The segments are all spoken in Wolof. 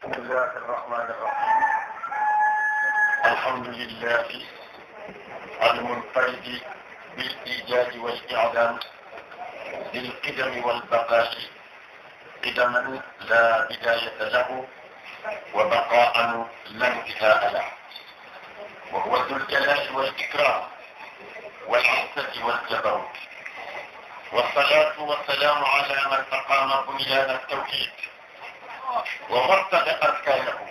بسم الله الرحمن الرحيم الحمد لله المنفرد بالإيجاد والإعدام للقدم والبقاء قدما لا بداية له وبقاء لا انتهاء له وهو ذو الجلال والإكرام والعزة والجبروت والصلاة والسلام على من أقام بنيان التوحيد ومرتد أركانه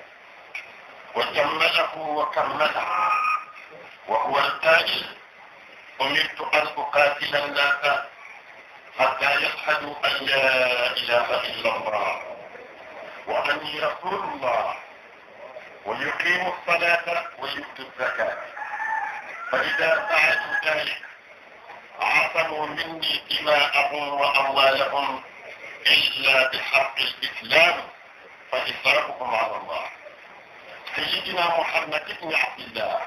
وجمله وكمله وهو التاج أمرت أن أقاتل الناس حتى يشهدوا أن لا إله إلا الله وأني رسول الله ويقيم الصلاة ويؤتوا الزكاة فإذا فعلوا ذلك عصموا مني دماءهم وأموالهم إلا بحق الإسلام فإفرقكم على الله سيدنا محمد بن عبد الله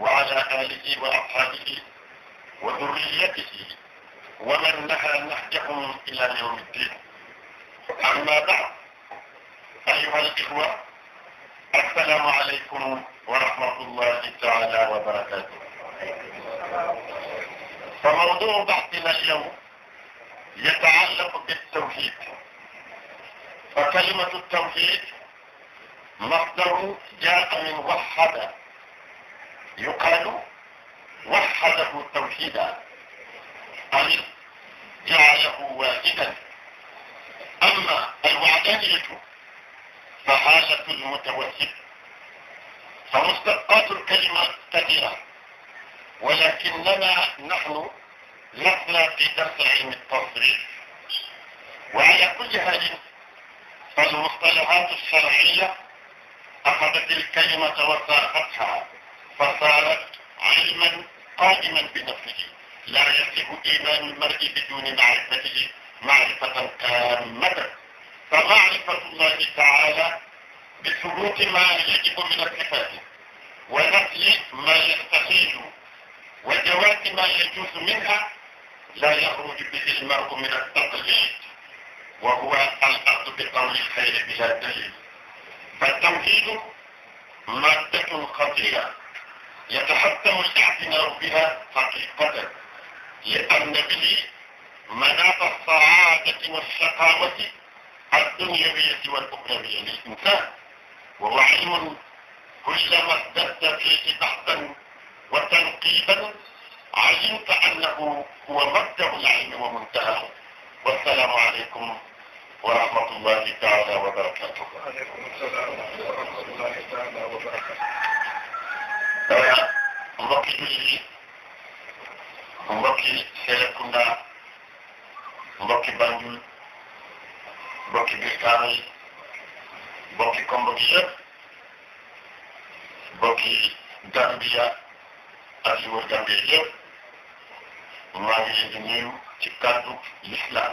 وعلى آله وأصحابه وذريته ومن نهى نهجهم إلى يوم الدين أما بعد أيها الإخوة السلام عليكم ورحمة الله تعالى وبركاته فموضوع بحثنا اليوم يتعلق بالتوحيد فكلمة التوحيد مصدر جاء من وحد يقال وحده توحيدا أي جعله واحدا أما الوحدانية فحالة المتوحد فمستقات الكلمة كثيرة ولكننا نحن لسنا في درس علم التصريف وعلى كل هذه فالمصطلحات الشرعية أخذت الكلمة وساقتها فصارت علما قائما بنفسه لا يصح إيمان المرء بدون معرفته معرفة تامة فمعرفة الله تعالى بثبوت ما يجب من الصفات ونفي ما يستحيل وجواز ما يجوز منها لا يخرج به المرء من التقليد وهو الأخذ بقول الخير بلا دليل فالتوحيد مادة خطيرة يتحتم الاعتناء بها حقيقة لأن به مناط السعادة والشقاوة الدنيوية والأخروية للإنسان ووحيم كلما ازددت فيه بحثا وتنقيبا علمت أنه هو مبدأ العلم ومنتهاه والسلام عليكم wa rahmatullahi taala wa barakatuh waaleykum salaam wa wa barakatuh mbokk yi mbokk yi Serekunda mbokk Banjul mbokk yi Birkaama yi mbokk yi Kombo gi yëpp mbokk yi Gambia ak li ci kàddu l'islam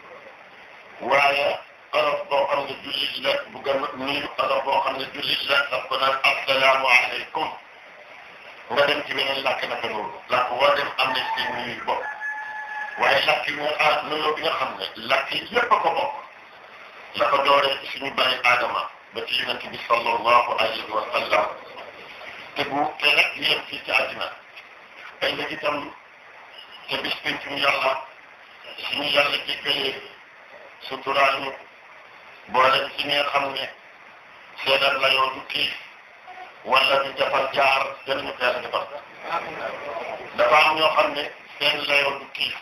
waaye araf boo xam ne jullit la bu gën a nuyu araf boo xam ne jullit la daf ko naan assalaamu aleykum nga dem ci beneen làkk naka noonu làkk boo dem am na si nuyu bopp waaye làkk yi nga ah nuyoo bi nga xam ne làkk yi yépp a ko bokk la ko dooree ci suñu bàyyi aadama ba ci yonent bi sallallahu alayhi wa sallam te bu te nag yéen fii ci àddina ay la itam te bis penc mu yàlla suñu yàlla jéggalee suturaal ñu boole ci ñi nga xam ne seedat la yoo tukki wala di defar jaar jël ñu teel defar dafa ne seen la yoo tukki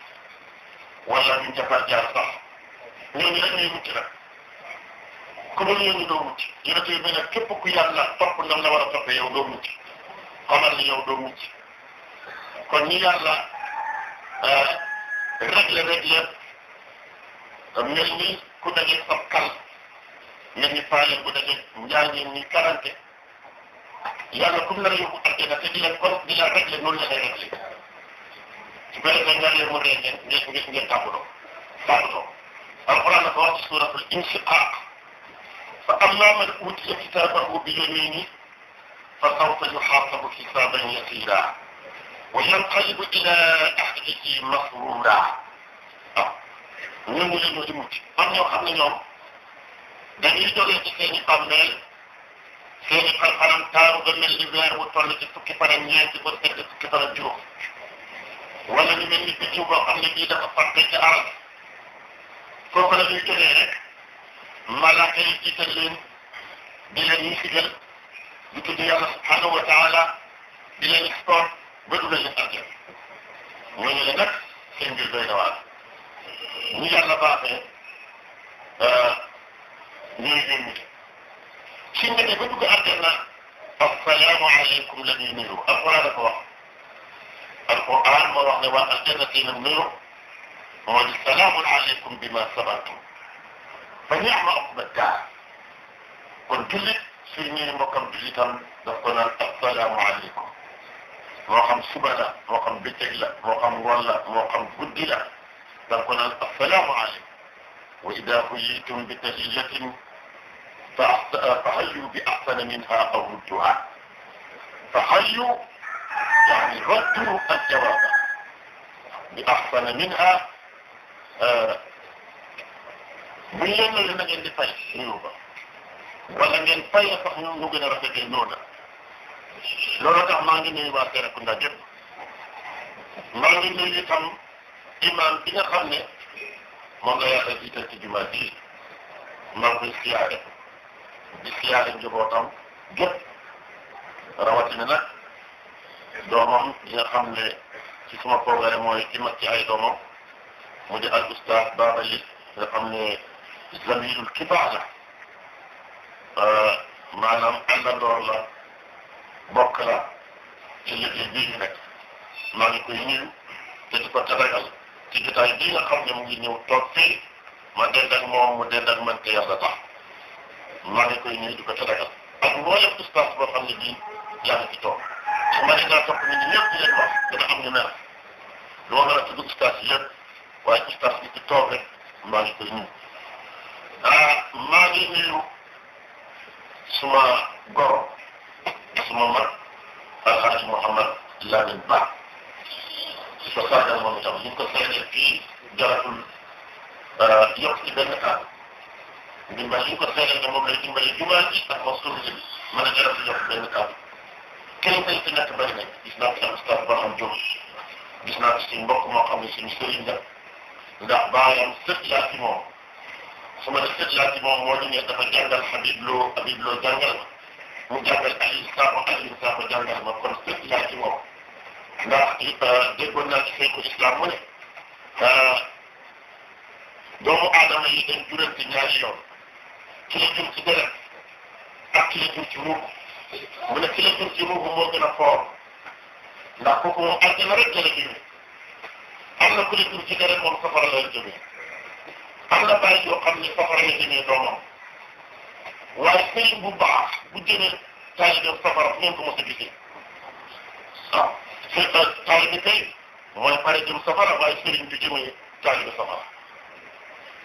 wala di defar jaar sax ñooñu rek ñuy wuti nag ku dul ñooñu doo wuti yéen a bi nag képp ku yàlla topp nam la war a toppee yow doo wuti ni yow doo wuti kon mel ni ku dajeeg fab kal mel ni faale bu dajeeg njaañeen ni karante yàlla comme nar yóbbu àddina te di la kon di la réglé noonu la lay réglé su ko defee nga leen mu ree ngeen ngeen ngeen ngeen tàggatoo tàggatoo alquran dafa wax ci suuratul insiqaaq fa amma man uutiya kitaabahu bi yamiini fa sawfa yuxaasabu xisaaban yasiira wa yanqalibu ila ahlihi masruura ñun ñu leen di mucc am ñoo xam ne ñoom dañuy jógee ci seen i xàmmeel seen i xar-xaram taaru ba mel ni weer bu toll ci fukki fan ak ñeenti ba sedd fukki fan ak juróom wala ñu mel ni biddiw boo xam ne bii dafa fàtte ci aral foofu la ñuy jógee rek malaaka yi jiital leen di leen musigal di tudd yàlla subhanahu wa taala di leen sport ba dugal leen arjana ñooñu la nag seen mbir doy na waar yàlla baaxee ñuy dindi suñ demee ba dugg àjjana assalaamu aleykum la ñuy nuyu alquran dafa wax alquran moo wax ne waa aljanna kii la nuyu moo di salaamun aleykum bi ma sabatu fa ni'ma uqba daar kon jullit suy nuyu mbokkam jullitam daf ko naan assalaamu aleykum moo xam suba la moo xam bëccëg la moo xam ngoon la moo xam guddi la فقل السلام عليكم وإذا حييتم بتحية فحيوا بأحسن منها أو ردوها فحيوا يعني ردوا الجواب بأحسن منها بيان لما ينفي حيوبا ولم في فحيوا نبنا رفق النودة لولا تعمان نيوا كنا جب ما ينفي تعمان imam bi nga xam ne moom la yàlla jiital ci juma ji maa ngi koy siyaare di siyaare njabootam gépp rawatina nag doomam bi nga xam ne ci suma programme mooy ci mag ci ay doomam mu di al ustaas Baba yi nga xam ne zamilul kibaar la maanaam àndandoor la bokk la ci liggéey bii ñu nekk maa ngi koy nuyu te di ko taragal ci jotaay bii nga xam ne mu ngi ñëw toog fii ma dend ak moom mu dend ak man te yàlla tax maa ngi koy nuyu di ko tadagal ak mboolem akan boo xam ne bii yaa ngi ci ma ne naa topp nit ñi ñëpp leen wax am ñu mer ah ngi suma suma فقال وربك كان فيه جرح يقصد لك من بشوك سيلا المملكين بالجواج المصدر من جرح يقصد لك كيف يتنك بينك إسلام سمستر برهم جوش إسلام سنبق مقام سمسرين ده لا بايم ستلا تمام ثم ستلا تمام ولم يتفجر الحبيب له حبيب له جنجل مجرد أي إسلام وأي إسلام جنجل ما كنت ستلا تمام ndax déggoon naa ci xeexu islam mu ne doomu aadama yi dañ jurante ñaari yoon ki la jur ci deret ak ki la jur ci ruugu mu ne ki la jur ci ruugu moo gën a foor ndax kooku moom àddina rek la jëme bu safara taalibe tey mooy pare jëm safara waaye sëriñ bi jëmee taalibe safara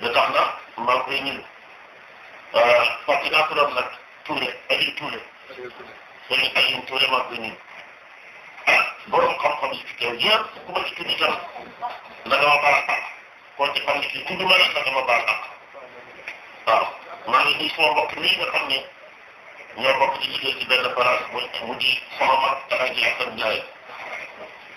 da tax na maa ngi koy ñëw fàtte naa turam nag Touré Aliou Touré sëriñ Aliou Touré maa ngi koy ñëw ah borom xam-xam yi fi teew yëpp ku ma ci tudd itam na nga ma baal ak koo ci xam ne kii tudd ma la na nga ma baal ak waaw maa ngi nuyu sama mbokk mii nga xam ne ñoo bokk ci liggéey ci benn place mu mu di sama mag Alaaji Asan Njaay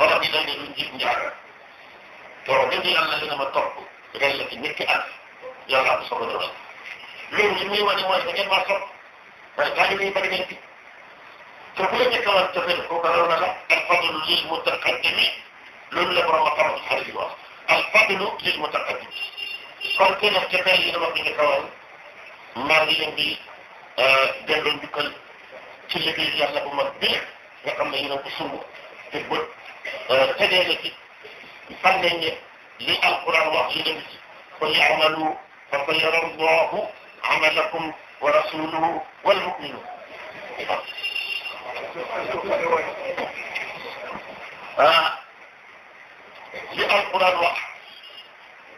رجلا يجيب جعل تعبدني الذين متعبوا غير في ملك ألف يا رب صلى الله عليه وسلم لو جميع وانا وانا جميع ما صار فقال لي بني بنتي تقول لك كما تفعل وقالوا لنا الفضل للمتقدمين لولا برا مقام الحرج الفضل للمتقدمين قال كنا افتكار لنا ما بين كوان ما بين بي جنب بكل تلقي يا الله بمرضي رقم لنا بسمه تبوت ويبتدئ لك سلم للقرآن وحي لك قل اعملوا فسيرى الله عملكم ورسوله والمؤمنون آه، للقرآن وحي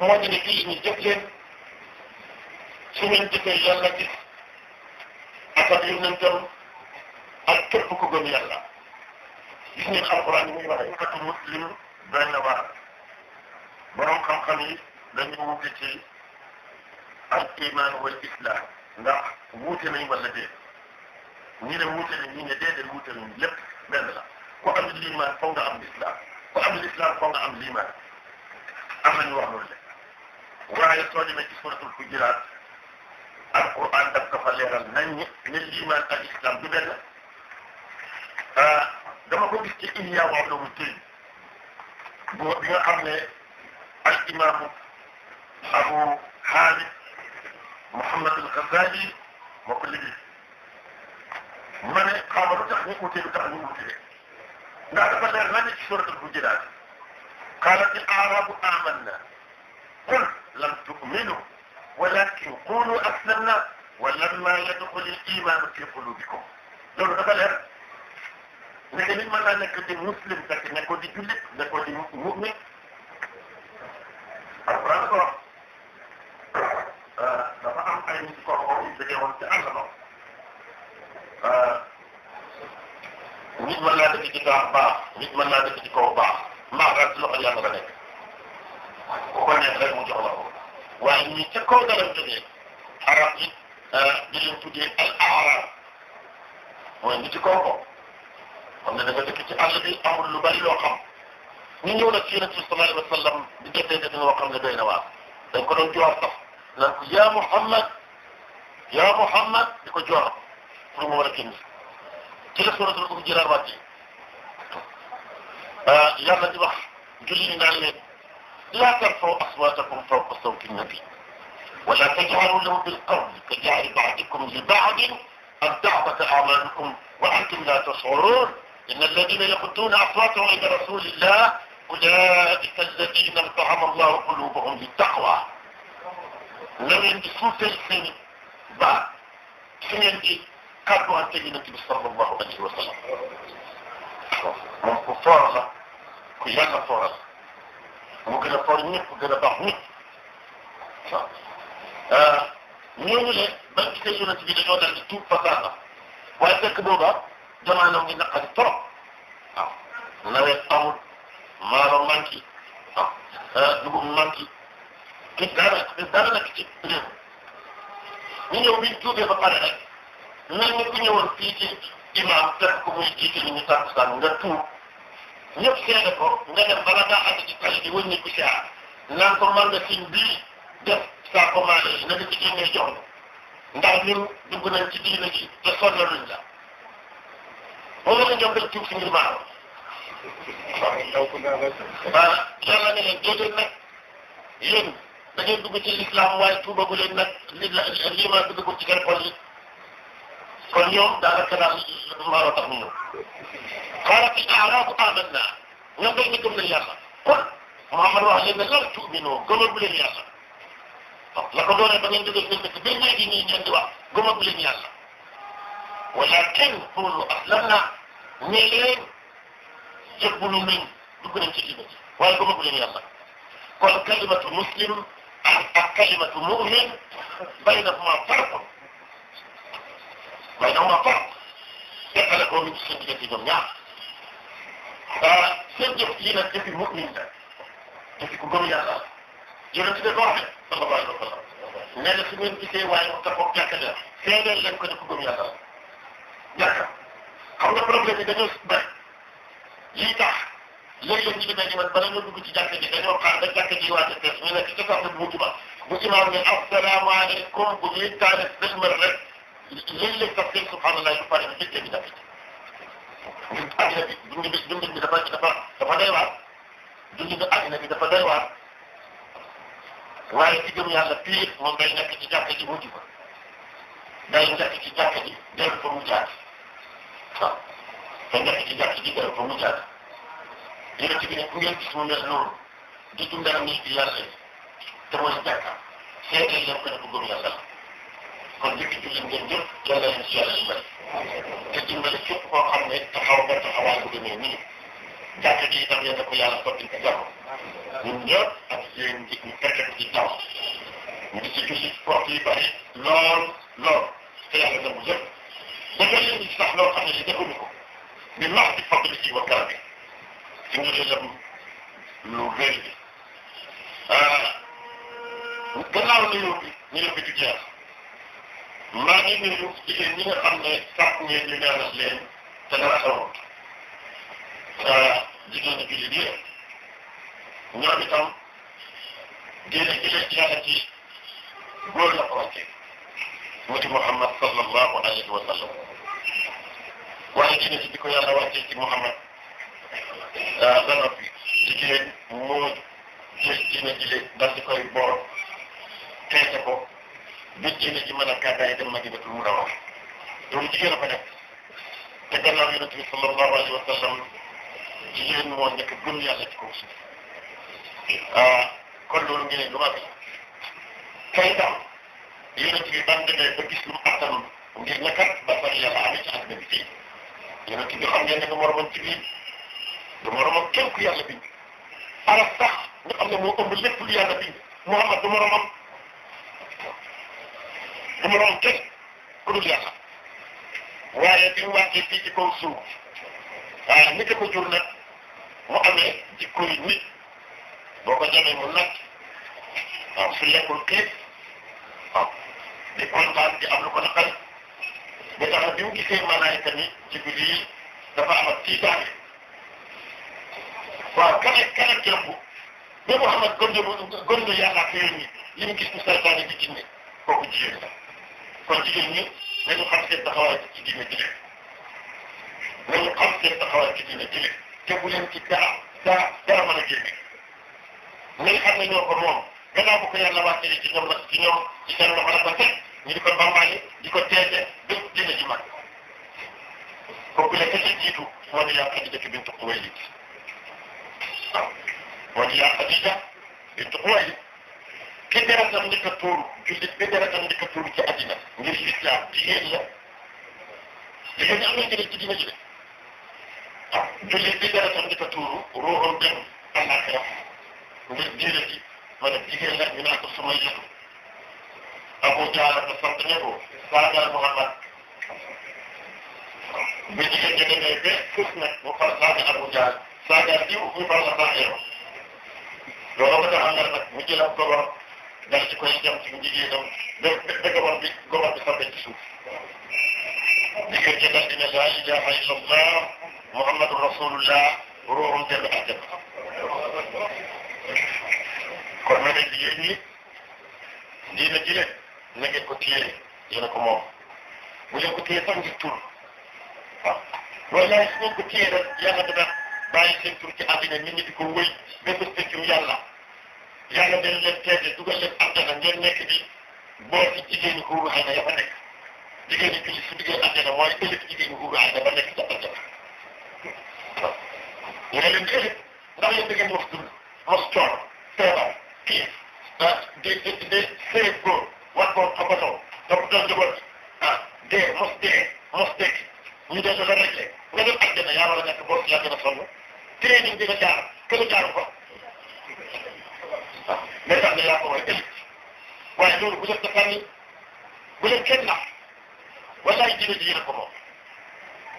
موجن فيه من جبل suñuñ jëfee yàlla gis ak ak yónnantam ak képp ku gëm yàlla ci alquran yi muy wax ummatu muslim doy na waar borom xam-xam yi dañu wuute ci al iman wal islam ndax wuute nañ wala déet ñi ne wuute nañ ñi ne déedéet wuute nañ lépp benn la ku am liman foog nga am l'islam ku am l'islam foog nga am liman am nañu wax loolu de waaye soo demee ci suratul fujiraat alquran daf ko fa leeral nañ ne liman ak islam du benn dama ko gis ci ihya wa ulumuddin bo bi nga xam ne al imam abu halid muhammad al ghazali moo ko liggéey ma ne xawma lu tax ñu utee lu tax ñu utee ndax dafa leer nañ ci suratul hujurat قالت الأعراب آمنا قل لم تؤمنوا ولكن قولوا أسلمنا ولما يدخل الإيمان في قلوبكم لو نقل ndeke nit mën naa nekk di muslim fekk nekkoo di jullit nekkoo di mu'min alquran ko wax dafa am ay nit ko xam ne dëggee woon ci àll ba nit mën naa dëkk ci kaw baax nit mën naa dëkk ci kaw baax mbaax daal ci loxo yàlla nga nekk ku ko neex rek mu jox la ko waaye ñi ca kaw dalam jógee arab yi di leen tuddee al aarab mooy nit ci kaw ko xam ne dafa nekk ci àll bi amul lu bari loo xam ñu ñëw nag ci yonent bi sallallahu alayhi wa sallam di jotee def loo xam ne doy na waar dañ ko doon joor sax naan ko yaa Muhammad yaa Muhammad di ko joor pour mu war a génn ci la suratul Hujurat wàcce yàlla di wax julli ñi naan leen laa tarfaw aswaatakum fawqa sawti nabi ولا تجعلوا له بالقول كجعل بعضكم لبعض أن تعبت أعمالكم وأنتم لا تشعرون إن الذين يغضون أصواتهم عند رسول الله أولئك الذين امتحن الله قلوبهم بالتقوى لمن سوسي سن با سنين دي عن أنت النبي صلى الله عليه وسلم من كفارة كيانا فارة وكنا فارنيك وكنا بحنيك آه نيوني بنك سيونا تبيدنا ودعني توب فتانا وأنت كدوبا jama no ngi naqari trop waaw nawet amul maalo manki waaw dugub manki te dara te dara nag ci ñu ñëw biñ tuubee ba pare rek mel ni ku ñëwoon fii ci imam fekk ko muy jiite ñu ñu tànk sànn nga tuub ñëpp seede ko nga dem bala ngaa àgg ci tali bi wëññi ku si aar naan ko man nga siñ bii def saa ko maale yi na nga ci génnee jox ndax ñun dugg nañ ci diina ji te sonnaluñ la hono jombe tukkini ma ba yalla ne jotul nak yeen da ngeen dugg ci l'islam waaye tuuba gu leen nag li la li ma dugg ci keroog li kon ñoom daanaka daal maa tax ñu xaaral ci aaraabu aaman naa ñoom dañ ne gëm nañ yàlla kon Mouhamad wax leen ne lan tuuminoo gëmagu leen yàlla la ko doonee ba ngeen dugal seen dëkk ba léegi ñuy ñeen di wax gëmagu leen yàlla ولكن هو أسلمنا نيلين يقبل من يقول أنت إيمان ويقوم يقول أنت قال كلمة مسلم كلمة مؤمن بينهما فرق بينهما فرق كيف لك ومن تشكي في الدنيا فسيد يحسين أنت مؤمن أنت كنت يا الله جنت الواحد صلى الله عليه وسلم نالس من كتير وعين وكفوك يا كده سيدا لن كنت كنت يا jàkka xam nga problème bi dañoo bëri lii tax léeg-léeg ñu demee ni man bala nga dugg ci jàkka ji dañoo xaar ba jàkka ji waate fees ñu nekk ci sax bu juba bu imaam ne asalaamaaleykum bu ñuy taale dëgmal rek léeg-léeg sax seen subhanallah bu pare bi fekkee bi jàkka ji àddina bi dund bi dund bi dafa dafa dafa doy waar dund bi àddina bi dafa doy waar waaye ci gëm yàlla pire moom day nekk ci jàkka ji mu juba day nekk ci jàkka ji dellu fa mu jaar Islam sehingga ketiga-tiga Jika kita punya kuliah di semua nur ditunda mistiyasi terus jaga. saya dilakukan kubur nasal kalau kita ingin jauh jalan siapa sih ketimbang cukup orang yang tahu bertahu yang ini jaka di dalam yang aku yang aku pintar bunda asyik dikutip kita ini situasi seperti baik lor lor saya akan mujib لكن يسمح له أن يدخلكم من محض فضله وكرمه إن لم نوفيل gannaaw ni ñu ni la ko ci jaar maa ngi nuyu jigéen ñi nga xam ne sàpp ngeen ñu ñaanal leen te dara xewut jigéen ñi julli yëpp ñoom itam génne ci leen ci yàlla ci góor la ko wàccee موتي محمد صلى الله عليه وسلم وحجيني سيديكو يا رواتي محمد يا زنبي جيجين موت جيجين جيلي داسكو يبور كيسكو بيجين جيمانا كادا يدن مدي بك المروا دون جيجين فنك تقال الله ينتبه صلى الله عليه وسلم جيجين موت نك بني على تكوس كل لون جيني لغاتي آه، كيسكو yonent bi ban demee ba gis lu attanul ngir ne kat basar yàlla am ci àdduna bi fii yonent bi xam ngeen ne du Muhammad du moromam du moromam kenn ku dul yàlla waaye bi mu wàccee fii ci kaw suuf waaye ni ko jur nag mu amee jikko yi di kontaan di am lu ko naqari ba tax bi mu gisee malaayka ni ci guddi yi dafa am ak tiitaange waaw kan ak kan ak jëmb ba Muhammad gondo gondo yàlla ak yooyu li mu gis mu saytaane di jinne kooku jigéen la kon jigéen ñi nañu xam seen taxawaay ci diine jile nañu xam seen taxawaay ci diine jile te bu leen ci dara dara dara mën a génne nañ xam ne ñoo ko moom gannaaw bu ko yàlla wàccee ci ñoom ci ñoom ci seen loxo la ko teg ñu di ko bambaale di ko teete bépp dina ci mag kooku la ci jiitu moo di yaa Xadija bintu Xuwaylid waaw moo di yaa Xadija bintu Xuwaylid ki deretam njëkk a tuuru jullit bi deretam njëkk a tuuru ci àddina ngir lislaam jigéen la jigéen ñi am na njëriñ ci diina ji de waaw jullit bi deretam njëkk a tuuru ruuxam dem àllaaxira ngir diina ji ونتيجة لك بنات السمية أبو جعل السلطنة سادة محمد بنتيجة جنة بي كسنة وفرصة أبو جعل سادة ديو وفرصة بحيرو لو ربط عن لك مجيلا بكبر دلت كوي جم تنجي دم بكبر بكبر بسبب السوف ذكر جنة لا إله إلا الله محمد رسول الله روح جل أدب kon na nekk yéen ñi diina jile na ngeen ko téye yéen ko moom bu leen ko téye sax ngir tur waaw wallahi su ngeen ko téye rek yàlla dana bàyyi seen tur ci àddina nit ñi di ko wëy ba bés peccum yàlla yàlla dañ leen teete dugal leen àddina ngeen nekk di boor ci jigéen ñi xuuru ay na ya fa nekk jigéen ñi julli su duggee àddina mooy ëllëg jigéen ñi xuuru ay na ba nekk ca àddina waaw ñu ne leen di ëllëg ndax yéen da ngeen wax dund wax coor feebar kii ah di di di seet ko war koo toppatoo toppatoo njaboot ah dee mos dee mos dee ñu dee sa rek rek nga dem ak dina yaa war a nekk boo yaa gën a sonn tee ni dina jaar këru jaar ko ah mais sax ne yaa ko war a jëli waaye loolu bu def dafa ni bu leen kenn nax wallaay dina ji yéen a ko moom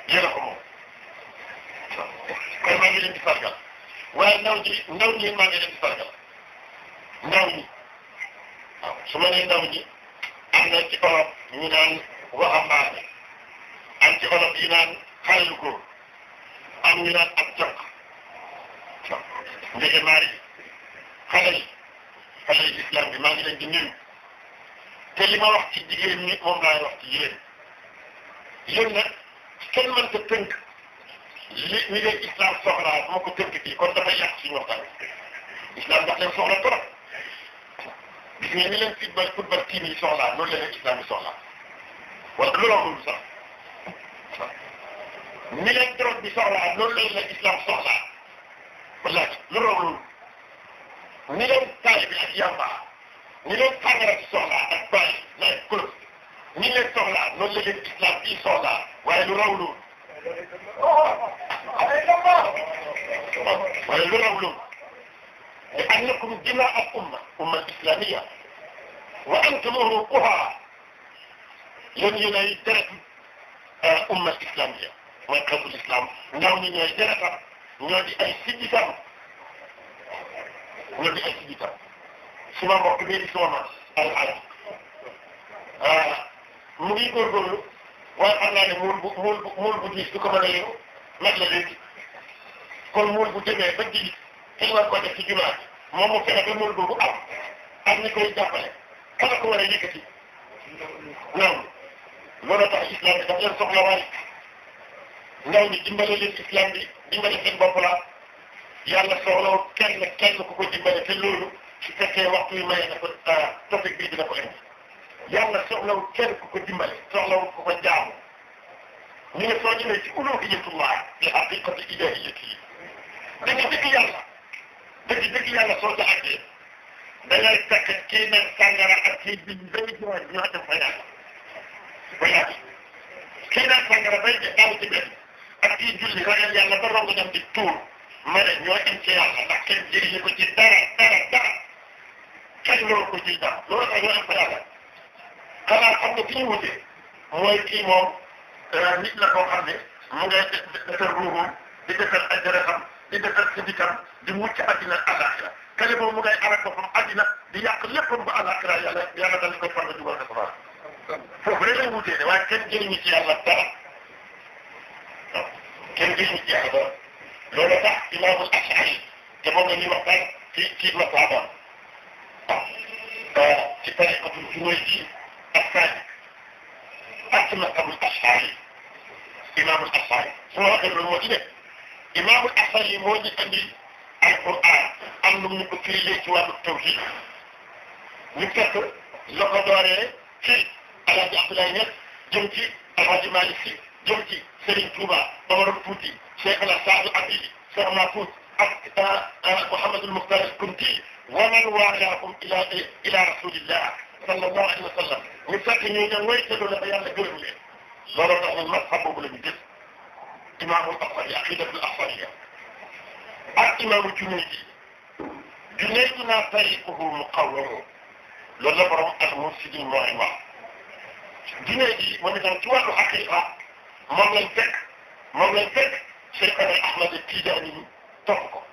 yéen a ko moom kon maa ngi leen di sargal waaye ndaw ji ndaw ñi maa ngi leen di sargal ndaw ñi waaw su ma nee ndaw ñi am na ci olof ñu naan waxambaane am ci olof yi naan xale yu góor am ñu naan ab jokk ndege maari xale yi xale yi islam bi maa ngi leen di nuyu te li ma wax ci jigéen ñi moom laay wax ci yéen yéen nag kenn mën ko tënk li ni leen islam soxlaa moo ko tënk fii kon dafay yàq suñu waxtaan islam daf leen soxla trop gis nga ni leen football football team yi soxlaa loolu la leen islam yi soxlaa wala looloo moom sax ni leen drogue bi soxlaa loolu la leen islam soxlaa wallaahi looloo moom ni leen taay bi ak yamba ni leen tàngara bi soxlaa ak bàyyi laay club ni leen soxlaa loolu la leen islam bii soxlaa waaye lu raw loolu waaye lu raw loolu لأنكم دماء الأمة أمة إسلامية وأنتم روحها لن ينايدرك أمة إسلامية ويقف الإسلام نعم ينايدرك نعم أي سيدتهم نعم أي سيدتهم سمع مقبل سوما الحياة mu ngi وأنا waaye xam naa ne mool bu mool bu mool bu diis tegal ko def ci jumaa moom mu fexe ba mën boobu am ak ñi koy jàppale kala ko war a yëkkati ñoom loolu tax islam bi daf leen soxla waay ndaw ñi dimbale leen islam bi dimbale seen bopp la yàlla soxlawul kenn kenn ku ko dimbale te loolu su fekkee waxtu yi maye na ko ah, topic bii dina ko indi yàlla soxlawul kenn ku ko dimbale soxlawul ku ko jaamu ñu ne soo ñëwee ci uluhiyyatullah bi haqiqati ilahiyyati dëgg dëgg yàlla بدي بدي على صوت عقيد بلاستك كيما كان رأتي بالبيت وزيادة فلاح فلاح كيما كان ربيت أو تبين أتي جل غير يلا برا من الدكتور مرة يوم سياحة لكن جيل كنت دار دار دار كل يوم كنت دار لو أنا يوم فلاح كما كنت فيه ودي هو كيما مثل كم خمسة من يتفرغهم يتفرغ أجرهم ida tan sidi kam di mucc addina alaxira kale boobu mu ngay arak boppam addina di yàq léppam ba alaxira yàlla yàlla dal ko far dugal ko safara foofu rek lay wutee de waaye kenn jëriñu ci yàlla dara waaw kenn jëriñu ci yàlla dara loolu tax imaamul ashari te moom la ñuy waxtaan ci ci waxtaanam waaw ci pare ko mooy ci asaaji ak ci masabul ashari imaamul ashari su ma waxee loolu moo ci nekk imaamu asali moo ñu andi alquran am nu ñu ko firile ci wàllu tawhid ñu fekk la ko dooree ci alaaji abdoulaye ñes jëm ci alaaji malik si jëm ci sëriñ touba bamarom tuuti cheikh la saadu abidi cheikh makout ak mouhamadul mouhtar kunti wa man waalaakum ila ila rasulillah sallallahu alayhi wa sallam ñu fekk ñu ñan way tëddu la ba yàlla gërëm leen loolu tax ñun mazhab boobu la ñu gis إمام الأصلي عقيدة الأصلية الإمام الجنيدي جنيدنا فريقه مقاوم لولبرم المنسد المعلمة جنيدي ومثلا توالو حقيقة مملكة مملكة شيخنا أحمد التيجاني تفقه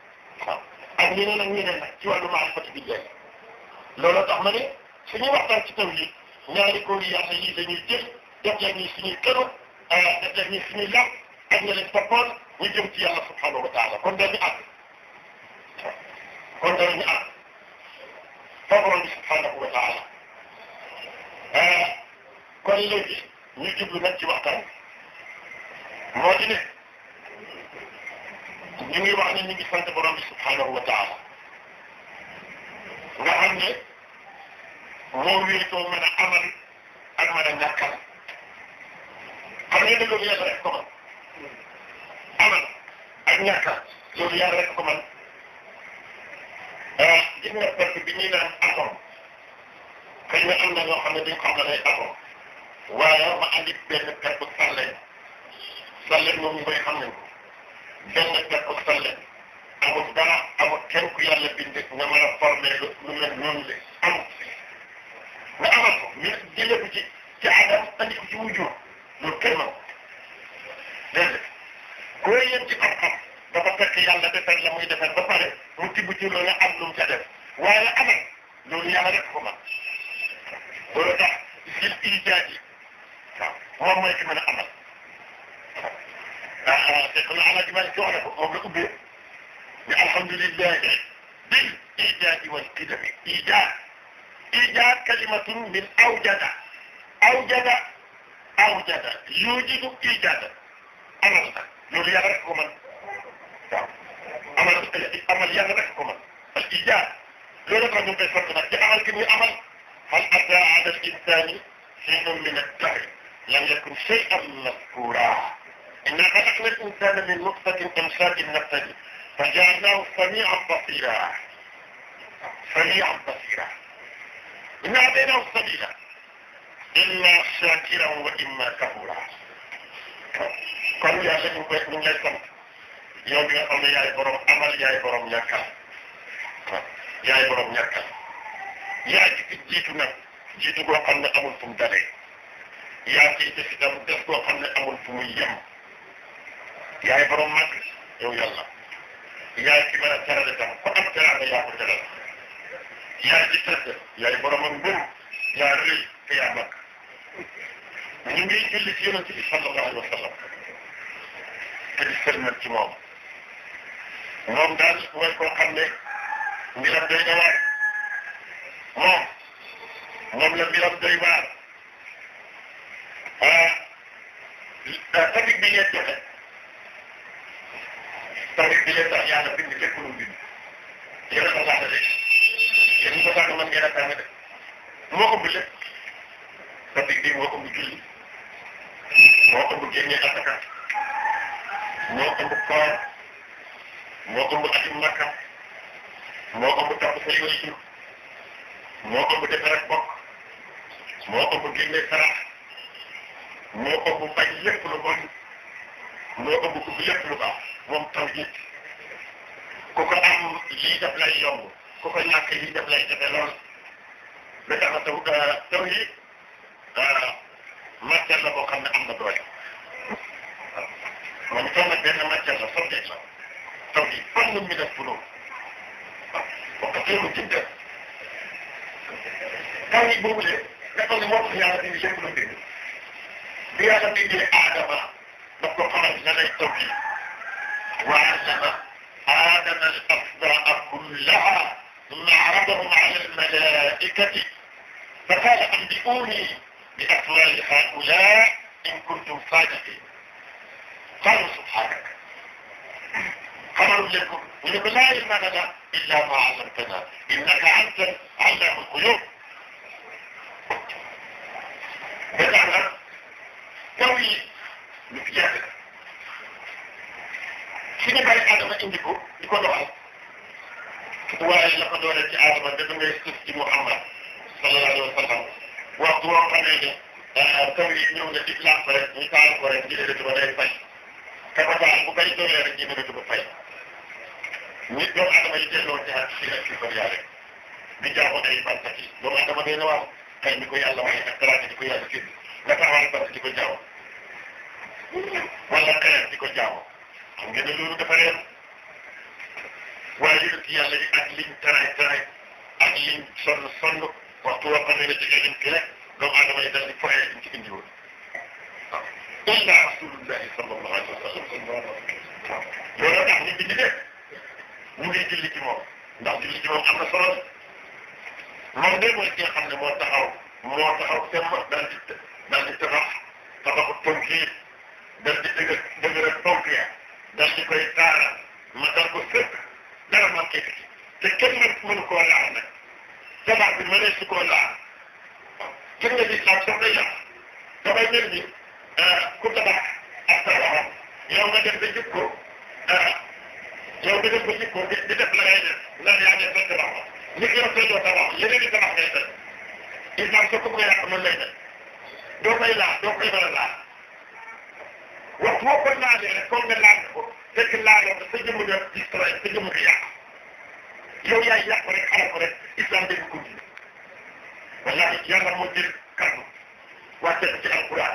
أميننا أميننا توالو معرفة بالله لولا تعملي سني وقتها تتولي ñaari góor yi yàlla yi dañuy jël def leen ni suñuy këru def leen ni suñuy làmp ak la leen toppoon ñu jëm ci yàlla subhanahu wa taala kon dañu àgg kon dañu àgg fa borom bi subhanahu wa taala kon léegi ñu jublu nag ci waxtaan bi moo ci ne ñu ngi wax ne ñu ngi sant borom bi subhanahu wa taala nga xam ne moo wéetoo mën a amal ak mën a ñàkkal xam ne dëgg yàlla rek ko man alal ak ñàkkam loolu yàlla rek ko man ah gis nga parce bi ñuy naan atom xëy na am na ñoo xam ne dañ xam ne day atom waaye ma andi benn pepp sàlleen sàlleen moom ñu koy xam nañ ko benn pepp sàlleen amul dara amul kenn ku yàlla bind nga mën a formé lu mel noonu le amul nga amal ko ñu jëlee ko ci ci adam andi ko ci wujur loolu kenn mën dégg looy yem ci xam-xam dafa fekk yàlla defar la muy defar ba pare mu tibb ci loolu am lu mu ca def waaye amal loolu yàlla rek ko man loolu tax gil ijaaj yi waaw moom mooy ki mën a amal waaw te xam naa alaaji Maalik wax na ko moom la ubbee ne alhamdulillahi bil ijaaj wal qidami ijaaj ijaaj kalimatun min awjada awjada awjada yujidu ijada amal na loolu yàlla rek ko man waaw amal amal yàlla rek ko man al ijaab loolu tax ñu koy sant nag ci amal gi muy amal hal ataa ala al insaani xiinun min ad-dahr lam yakun shay'an mazkuura إنا خلقنا الإنسان من نطفة أمشاج نبتلي فجعلناه سميعا بصيرا سميعا بصيرا إنا أعطيناه السبيل إما شاكرا وإما كفورا kon yaa sa dugg rek ñu lay sant yow bi nga xam ne yaay borom amal yaay borom ñàkkal yaay borom ñàkkal yaa ci jiitu nag jiitu goo xam ne amul fu mu dalee yaa ciy def itam def goo xam ne amul fu muy yem yaay borom màgg yow yàlla yaay ki mën a teral itam ku am teraanga yaa ko teral yaay ci tëdd yaay borom ak mbir yaa rëy te yaa màgg ñu ngi julli ci yonent bi sallallahu alayhi wa sallam tëri sërmal ci moom moom daal mooy koo xam ne mbiram doy na moom moom la mbiram doy waar ah tamit bi ngeen joxe tamit bi ngeen tax yàlla bind képp lu bind yéen a ko baax de yéen ñu ko baax man ngeen a tàng de moo ko bële tamit bi moo ko bu moo ko bu génnee asaka moo ëmb faar moo ëmb ajum makka moo ëmb topp sa yooyu moo ëmb defar ak bokk moo ëmb génne sarax moo ëmb bañ lépp lu bon moo ëmb ko lépp lu baax moom taw it ko am lii daf lay yomb ku ko lay lool taw la ne am na doole وانتم بين ما جرى صدقا تولي كل من الفنون وكثير جدا كان يقول لي لكن الوقت يا ربي يجب لديه يا ربي لي آدم نقول خلاص لدي التوحيد وعلم آدم الأفضاء كلها ثم عرضهم على الملائكة فقال أنبئوني بأفوال هؤلاء إن كنتم صادقين تبتلوا سبحانك أنا أقول لكم إنه لا علم لنا إلا ما عزمتنا إنك أنت علام القيوم بدأنا نوي مكتابة شنو بالك آدم عندكم لكل واحد ولقد ولدت آدم بدون يستفتي محمد صلى الله عليه وسلم وقت وقت عليه توي إنه نتيجة لا فرق نتعرف فرق نتيجة kamata bu kay do yar ci mëna bu fay ni do adama yi delo ci hak ci ak ko yar bi jaabo day bantati do adama day wax kay ni ko yalla way ak kala ci ko yalla ci da ka war bantati ko jaaw wala kala ci ko jaaw xam ngeen lolu dafa reer waye ci yalla yi ak liñ taray taray ak liñ son son waxtu wa ko ne ci gën ki rek do adama yi dal di foye ci indi woon طلع رسول الله صلى الله عليه وسلم صلى الله عليه وسلم ورجع للبلاد وليد الاجماع بعد الاجماع عمل صلاه مرضين ولكن حمل موطعه موطعه ثم بلد بلد التراح طبق التنكيل بلد دجر التوقيع بلد كويتارا مدرك السكر دار ما كيفي تكلم من كل عمل تبع بالمريس كل عمل كلمة الإسلام سبعية تبع مني ku tabax ak sa loxo yow nga dem ba jub ko yow nga dem ba jub ko di di def la ngay def lan yaa def ba tabax ni ko yow tëjoo tabax yeneen i tabax ngay def islam sa ko ko yàq noonu lay def doo koy laal doo koy mën a laal wax boo ko laalee rek comme nga laal ko fekk laaloo ko sa jëmm nga destroy sa jëmm nga yàq yow yaay yàq rek xaral ko rek islam day ko continuer wallahi yàlla moo jël kaddu wàcce ko ci alquran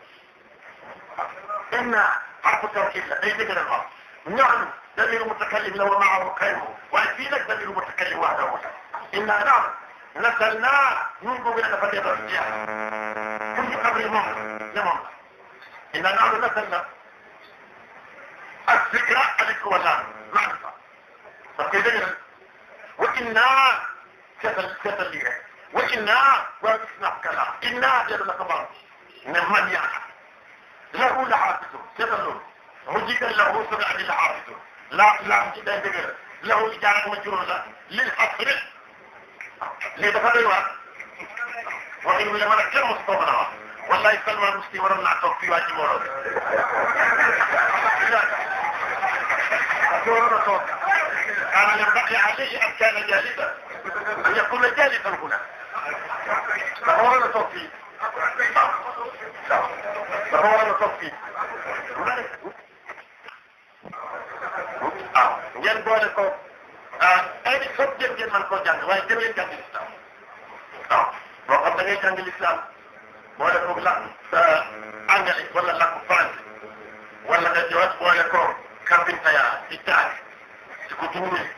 إن حرف التوكيد ليس من الغرب نعم دليل متكلم لو معه غيره وأكيدك دليل متكلم وحده هو إنا نعم نسلنا يعني. نعم، نعم. من إلى نفذ الرجيع كل قبر ممر لممر إنا نعم نسلنا الفكرة عليك والنار معرفة فكذا وإنا كتلية وإنا وإسنا كلا إنا جل لك برد من له لحافظ سبب عجب له سبع للحافظ لا لا كده بغير له إجابة مجرورة للحصر لتفرق وإن لم نكن مستمرا والله يسلم المسلم ولم نعتق في واجب ورد كان ينبغي عليه أن كان جالسا أن يكون جالسا هنا فهو لا توفيق ما هو انا صفي ngeen boole ko ay foog jëm ngeen man koo jàng waaye jëm leen jàng lislaam waaw boo xam da ngay jàng lislaam boole ko la anglais wala làkku français wala nga jëwaat boole ko carpintaire ci taal ci ko jumlee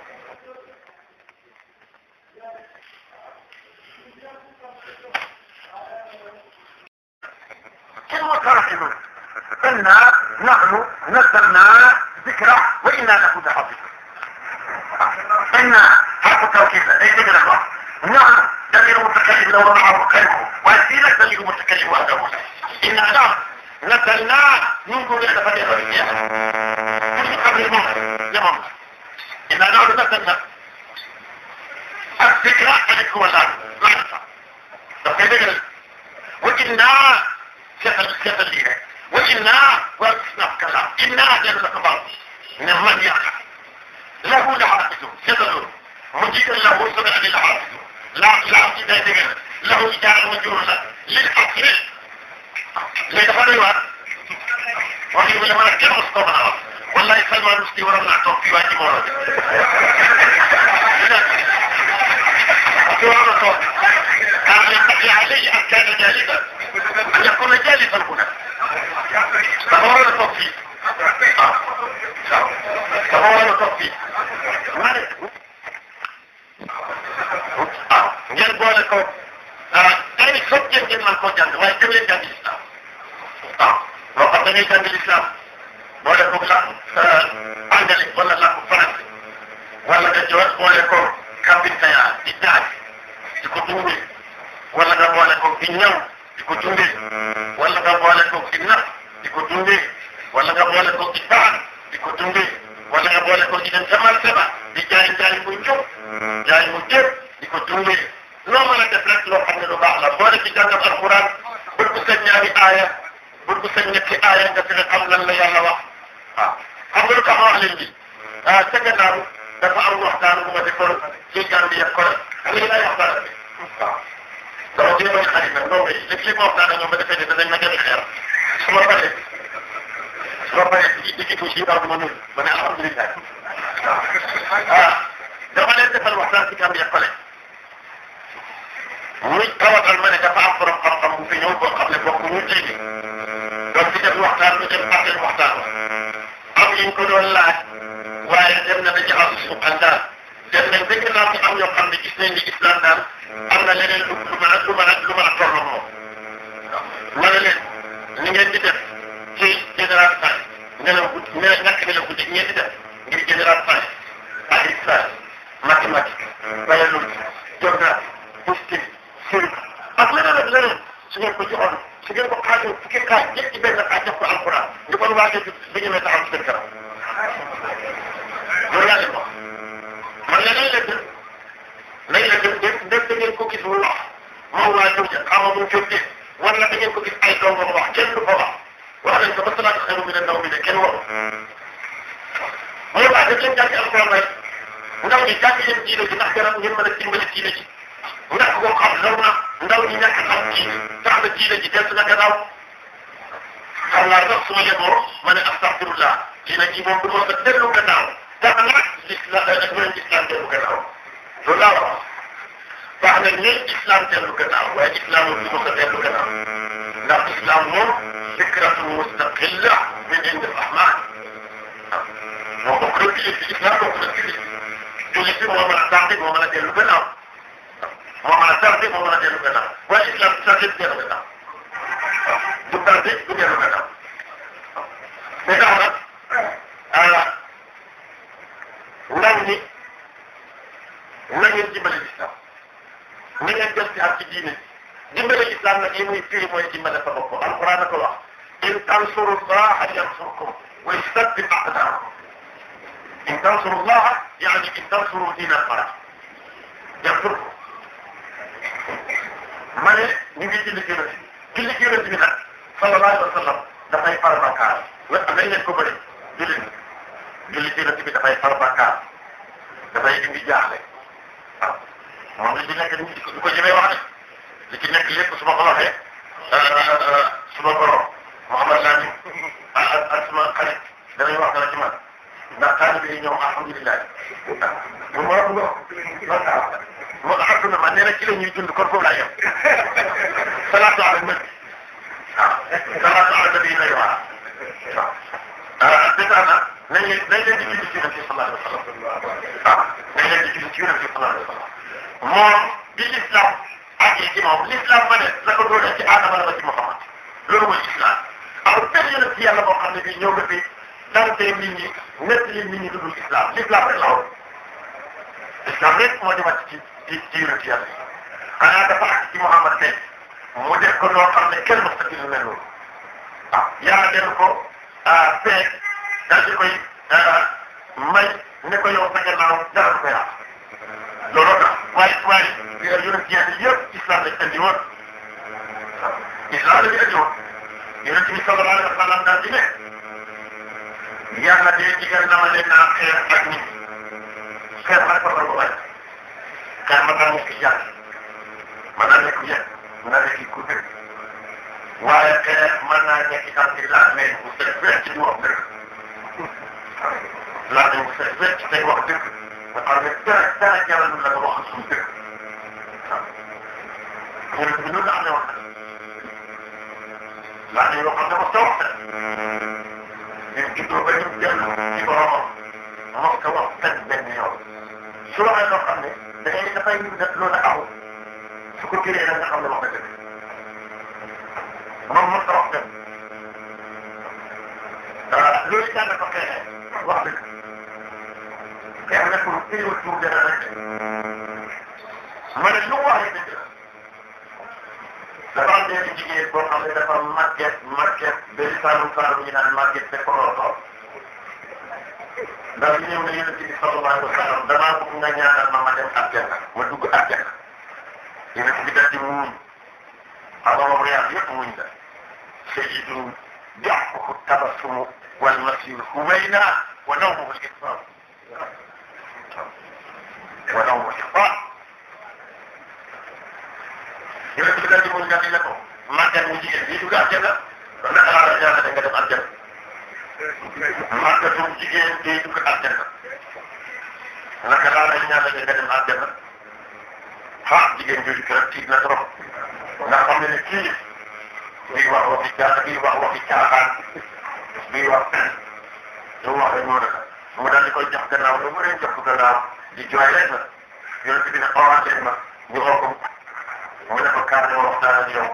وترحمه إنا نحن نزلنا ذكرى وإنا له لحافظ إن حق التوكيد أي ذكرى نحن دليل متكلم لو رمعه كلمه وأسئلة دليل متكلم وهذا هو إنا نحن نزلنا ننظر إلى فريق الرياح كل قبل الموت يا ماما إنا نحن نزلنا الذكرى هو الآن وإنا كفدينة وإنا ورثنا كلام إنا جل كبار نعم يا له لحافظ سدد مجيد الله وسبع للحافظ لا لا تدعي له إدارة وجوه للحق لتفروا وهي ولا ما كان مستمر والله سلمان مستمر لا توفي واجب وعرفه لعلي أن كان جالبا أن يكون جالبا هنا فهو التصفيق فهو التصفيق جلبوا لكم كان يسجل من الكجل ويتمين بالإسلام وقد تنيت بالإسلام ولكم لا عندك ولا لكم فرنسي ولا تجوز ولكم الجوع wala غبوا لكم في النوم يكتمبي ولا غبوا لكم في النفس يكتمبي ولا غبوا لكم في التعب يكتمبي wala nga boole ko ci dem sa martaba di jari jari bu njub jaay bu jëb di ko dundee loo mën a def rek loo xam ne baax la bo boole ci jangal alquran bët bu sa ñaari aaya bët bu sa ñetti aya nga fexe xam lan la yàlla wax waaw xam nga lu ko wax leen bi ah sa gannaaw dafa am waxtaan bu ma defoon ci Gambie Corée mooy lépp li ko waxtaanee ñoom ba defee ne danañ ma gën a xeer su ma paree su ma paree ci digg tuuti dara du ma nuyu ma ne alhamdulilah ah dama leen defal waxtaan ci kam yàqale muy rawatal ma ne dafa am borom xam-xam bu fi ñëw boo xam ne bokk ñu diine donc di def waxtaan ñu dem parten waxtaan am yi ñu ko doon laaj waaye dem na ba jaxasu suuf àndaal dem nañ dëgg naa am yoo xam ne gis nañ ni islam daal am na leneen lu lu mën a lu mën a lu mën a tolloo ma ne leen li ngeen di def ci général Fall ne la ne nak ne la guddi ngeen di def ngir général Fall Patrick Fall mathématique biologie journal histoire science ak leneen ak leneen su ngeen ko joxoon su ngeen ko xaajoo fukki xaaj yëpp ci benn xaaj def ko alquran ñu kon waa jëf bi ñu metta am seen kanam loolu laa leen wax man la lay la def lay la def def da ngeen ko gis mu wax Mawla Diouf xamamu fi def wala da ngeen ko gis ay doomam wax kenn du ko wax wax nañ ko ba salaatu xayru min an-nawm ne kenn waxu mooy waa da ngeen jàngi alquran rek ndaw ñi jàngi leen diine ji ndax garab ngeen mën a dimbali diine ji ndax ko xam law na ndaw ñi ñàkk xam ci tax na diine ji des na gannaaw xam naa sax su ma yemoo ma ne astaghfirullah diine ji moom du ma ko dellu gannaaw dara nag l'islam ak mën l'islam dellu gannaaw loolu laa wax baax na ne islam dellu gannaaw waaye islam moom du mos a dellu gannaaw ndax islam moom fikratu mustaqilla min indi rahman moo ko ko ci islam moo ko ko ci julli bi moo mën a tardé moo mën a dellu gannaaw moo mën a tardé moo mën a dellu gannaaw waaye islam du tardé du dellu gannaaw du tardé du dellu gannaaw mais tax nag ah ndaw ñi nañu jibale islam ni nga def ci ak ci diine dimbale islam nag li muy firi mooy dimbale sa bopp alquran na ko wax in tansuru llaha yansurkum wa yusabbit aqdamakum in tansuru llaha yani in tansuru diina alfarah yansurkum ma ne ñu ngi julli gën a si julli gën a si nag sallallahu alayhi wa sallam dafay far bakkaar wa am nañ leen ko bëri julli julli gën a si bi dafay far bakkaar dafay indi jaaxle waaw هو مش بالله كده كل جميع واحد لكن لك ليه سبحان الله هي سبحان الله محمد لامي اسمع قلت ده ما واحد كمان ما كان بيني الحمد لله وما ربنا ما تعرف ما عندنا كده يجون بكرفه ولا يوم صلاه على النبي صلاه على النبي يا جماعه أنا لا يجب أن يكون في صلاة الصلاة لا يجب أن يكون في صلاة الصلاة moom bi l'islam àggee ci moom l'islam ba ne la ko doon ci aadama la ba ci Muhammad loolu mooy islam amul benn yonent yàlla boo xam ne bii ñëw nga fi dantee nit ñi nettali nit ñi lu dul islam l'islam rek la woon islam rek moo di wàcc ci ci ci yonent yàlla yi xanaa dafa àgg ci Muhammad tey mu def ko loo xam ne kenn mos a gis mel noonu waaw yàlla dellu ko ah feeg daal di koy may ne ko yow sa gannaaw dara du ko yàq looloo tax waaye waaye yonent yi yëpp islam lañ andi woon islam lañ andi woon yonent bi sallallahu alayhi wa sallam daal di ne yàlla de digal na ma leen naa xeex ak nit xeex ma ko war ko bàyyi car man naa nekk jàng man naa nekk yàq man naa nekk ku dëgg waaye xeex mën naa nekk sant laa mais bu set wér ci wax dëgg laa ne bu set wér ci wax dëgg لقد استعجب من لك الله سبحانه هم بدون لعنة وحدة لعنة يقدم الصوت يمكن تبين الجنة في برامة مستوى تنبني شو رأي الرقم ده ده ايه من دخلو لقعه شكر كده الى الرقم ده محمد من مستوى ليش كان فكرة واحدة احنا كرسي واسمه جلالك من اللغة هي طبعا دي بتيجي يكون عندنا في الماركت ماركت بلسان وصار من الماركت في كورونا ndax ñëw na yëna ci sallallahu alayhi wasallam dama bëgg nga ñaanal ma ma dem àjjana ma dugg àjjana yëna ci dal di muñ xalamam riyaat yëpp muñ la sayyidu ضعفه التبسم والمسير هوينا ونومه الإكرام ولو شقاء Dia bi daldi mun ñaan ne ko màggal mu jigéen bii dugg àjjana dana xalaat ñaan da nga dem àjjana màggatum yang bii dugg àjjana yang laa lay ajar, da nga dem àjjana ha jigéen jooju kërëm tiit na trop ndax xam ne ne kii bii wax waxi jaar bii wax waxi di jooy rek la yonent bi ne orange ma ñu oo ko mu ne ko kaar dama waxtaan ak yow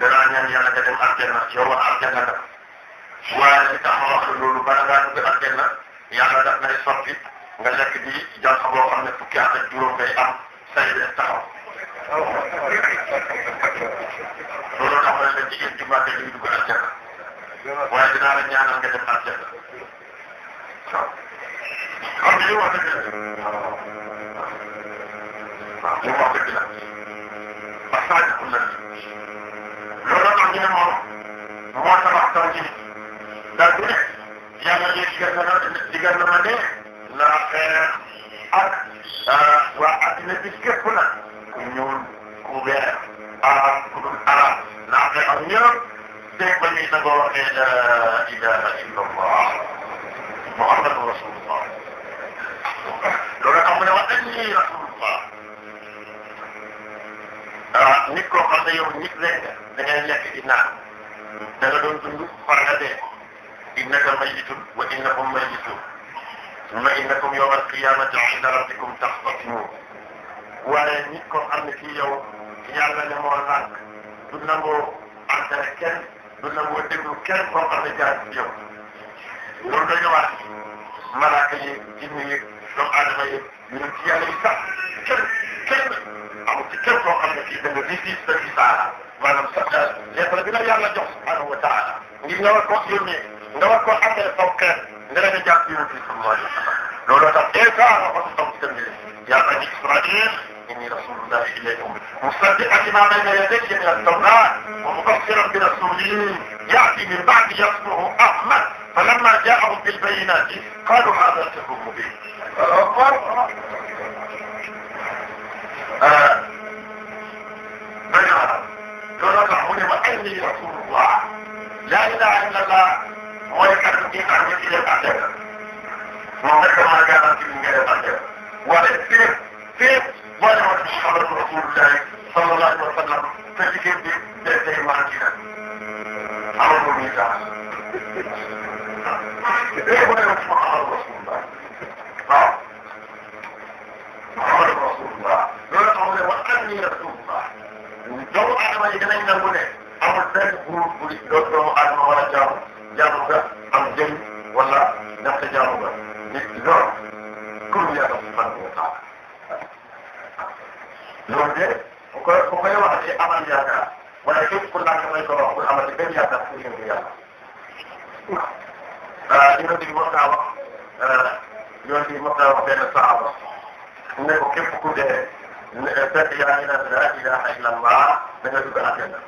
danaa ñaan yàlla nga dem aljanna yow wax aljanna la waaye li tax ma wax loolu bala ngaa dugg aljanna yàlla daf di jànq boo xam ne fukki am قبل هو بدنا هو بدنا أحسن كل لو عندنا مرة ما تبع تاجي لكن يا من يشكرنا تجارنا مني لا أك وأتنا تشكر كنا كنون كوبير أراب كنون أراب لكن أنير تقبل إذا إله إلا الله محمد رسول الله loolu xam ne wax anni rasulullah ah nit koo xam ne yow nit rek da ngay lekk di naan da nga doon dund far nga dee innaka mayitun wa innakum mayitun summa innakum yawma alqiyamati inda rabbikum taxtasimun waaye nit koo xam ne kii yow yàlla ne moo lànk du nangoo antare kenn du nangoo déglu kenn koo xam ne jaar ci yow loolu dañu wax malaaka yi jinne yi don adama ya yanci ya nemi sa kyarmi a mutu kyarmi a mutu da mazifi da risala malam sata ya farbina ya na jos a wa ta'ala ni na wako ilmi na wako an da sauka na daga jafi yau fi sun zuwa lolo ta ɗaya ta a wasu sauƙin ne ya bani isra'il إني رسول الله إليكم مصدقا لما بين يدي من التوراة ومبشرا برسول يأتي من بعد يصبح أحمد فلما جاءهم بالبينات قالوا هذا سر مبين من عرب ترفعون واني رسول الله لا اله الا الله هو يكفي عن مثل الاعداء ومثل ما كانت من غير الاعداء ولكن في وانا محمد رسول الله صلى الله عليه وسلم تجد بيتي ماجدا امر ميزان ايه بقى محمد رسول الله اه محمد رسول الله دولة عمره واني رسول الله ودو انا ما يجنين نقول اول ثاني يهدي المتعبة آه، يهدي المتعبة بين الصعبة إنه كيف كل تدعي إلى لا إله إلا الله من يدعي الجنة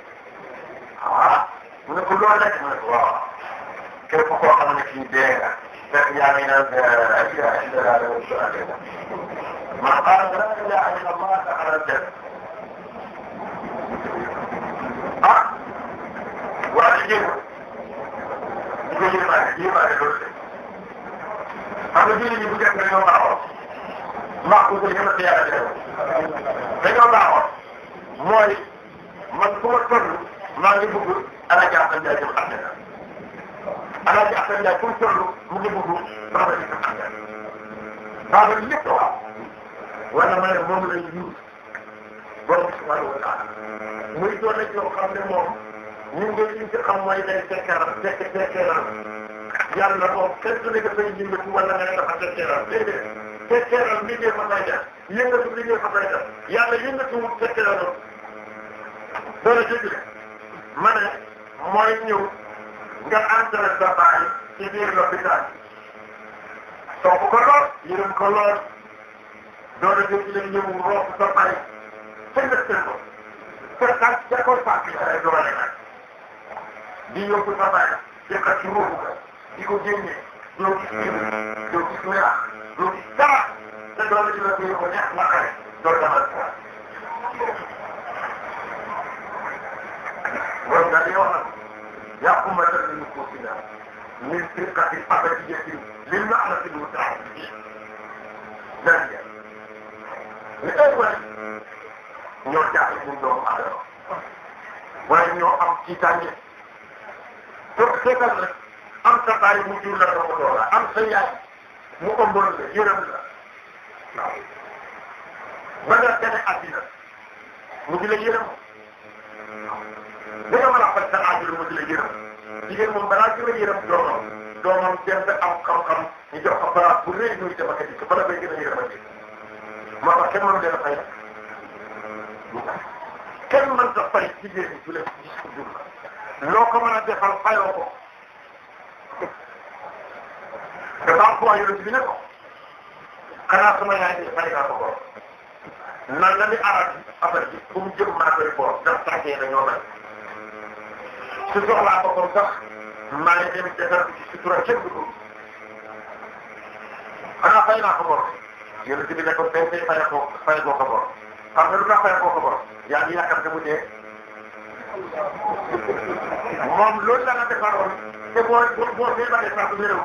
آه، من كل لك من الله كيف قوة من كيدينا تدعي إلى لا إله إلا الله من يدعي الجنة من قال لا إله إلا الله دخل الجنة أه؟ واجب kima da dutse hannu jini ne bujan da yau nawa ma ku zai yana tsaya da yau da yau nawa mooy man ku ma toll maa ngi bugg alaaji Assane Ndiaye jëm àddina alaaji Assane Ndiaye fu mu toll mu ngi bugg raba ji jëm àddina raba ji lépp waaw wala ma ne moom lay yuur borom subhanahu wa taala muy doon la joo xam ne moom ñu ngi ci xam mooy day sekkaral sekk sekkaral yàlla moom kenn du ne dafay yëngatu wala nga ne dafa te teeral déedéet te teeral liggéey fa koy def yëngatu liggéey fa koy def yàlla yëngatuwul te teeralul dara jóge ma ne mooy ñëw nga entrain sa baay ci biir lopitaan topp ko lool yërëm ko lool doole jóge la ñëw roof sa baay kenn def ko te tax ca ko fàtte doole nag di yóbbu sa baay jëkkat ci ruufu ko Hmm. di ko génne doo gis jëm doo gis mira doo gis dara te doo la ci la ko neex naqare doo di wax nag yaa ummatan li nufuusina min firqatin abadiyyatin lil la'nati muta'addidin danja li ay wala ñoo jaaxle ñun doomu aadama waaye ñoo am ci tànge donc seetal am sa baay mu jur la nga ko doola am sa yaay mu ëmbal la yërëm la waaw ba nga tene àddina mu di la yërëm da nga mën a faj sa aajur mu di la yërëm jigéen moom balaa gën a yërëm doomam doomam dem am xam-xam ñu jox ko balaa bu rëy muy dem ak a dikk bala bay gën a yërëm a dikk moo tax kenn mënu leen a fay kenn mën sa fay jigéen bi du leen gis ko jur la loo ko mën a defal fayoo ko da ba ko ayo ti ne ko kana sama ya ni fa ka ko nan na mi arabi afar ji ko mu jëm ma ko ko da ta ke na ñoo su soxla ko ko sax ma ne dem te sax ci sutura ci ko ana fay na ko ko yéen ci bi ne ko fay fay fay ko fay ko ko xam nga lu tax fay ko ko yaa ngi yaakaar te mu dee moom loolu la nga defaroon te boo boo boo dee ba dee sax du réew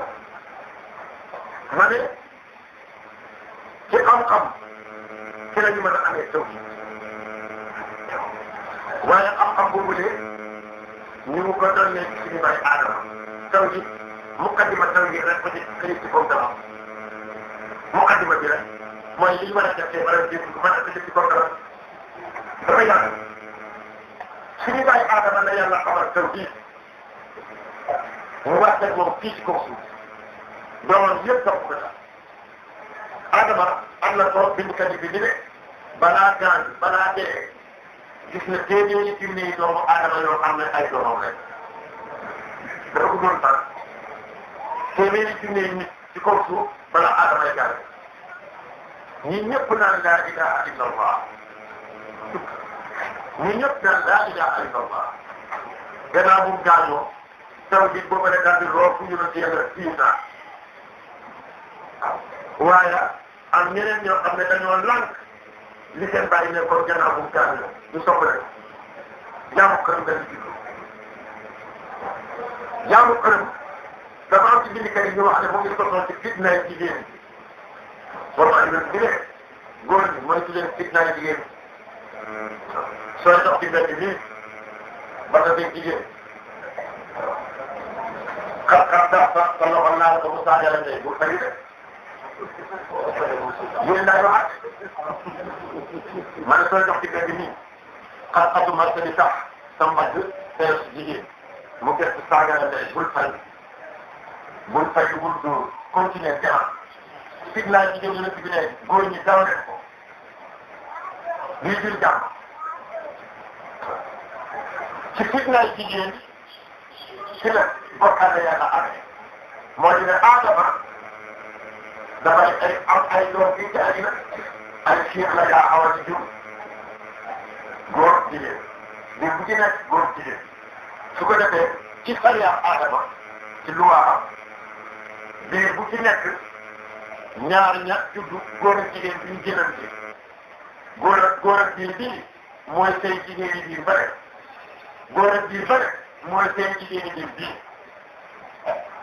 ma ne ci xam-xam ci la ñu mën a amee tawhid waaye xam-xam boobu de ni mu ko doon nekk ci suñu bàyyi aadama tawhid muqaddima tawhid rek ko ci këyit ci kaw dara muqaddima bi rek mooy li ñu mën a jëfee wala jëf ko mën a tëjee ci kaw dara dafa yàgg suñu bàyyi aadama la yàlla xamal tawhid mu wax moom fii ci kaw suuf doomam yëpp topp ko daal Adama am na toog bindkat yi bind ne balaa gaañ balaa dee gis na téeméeri junne yi doomu Adama yoo xam ne ay doomam lañ dafa ko doon tax téeméeri junne yi nit ci kaw suuf balaa Adama ay gaañ ñi ñëpp naan laa ilaaha illallah ñi ñëpp naan laa ilaaha illallah gannaaw bu gaañoo taw bi boobu daal di roof ñu ne jéem a waaye am ñeneen ñoo xam ne dañoo lank li seen bàyyi ne ko janaa bu kaan la ñu sopp rek jaamu këram dana jiddu jaamu këram dafa am ci bindikat yi ñu wax ne mu ngi sosoon ci fitnaay jigéen boobu xam ne bi ne góor ñi mooy ci leen fitnaay jigéen sooy dox ci mbedd nii ba sa fee jigéen xar xar daa fa sa loxo laal ko mu saa yàlla bu fay de yéen laa doon at man soo dox ci benn bi nii xar-xatu marché bi sax sa mbagg teel jigéen mu g e s s u saaga la ndey bul fay bul fay bul dóor continuer jaxas signal jigéen ñi nekk bi ne góor ñi daw leen ko lii biir jàmm ci signal jigéen e ci la bokkaale yàlla amee moo di ne aadama dafa ay am ay doom ay siix la yaa xaw a di jur góor jigéen bi bu ci nekk góor jigéen su ko defee ci sariyaam aadama ci luwaam biir bu ci nekk ñaar ña juddu góor ak jigéen bi ñu jëlante góor ak góor ak biir bii mooy sey jigéen yi biir bare góor ak biir bare mooy sey jigéen yi biir bii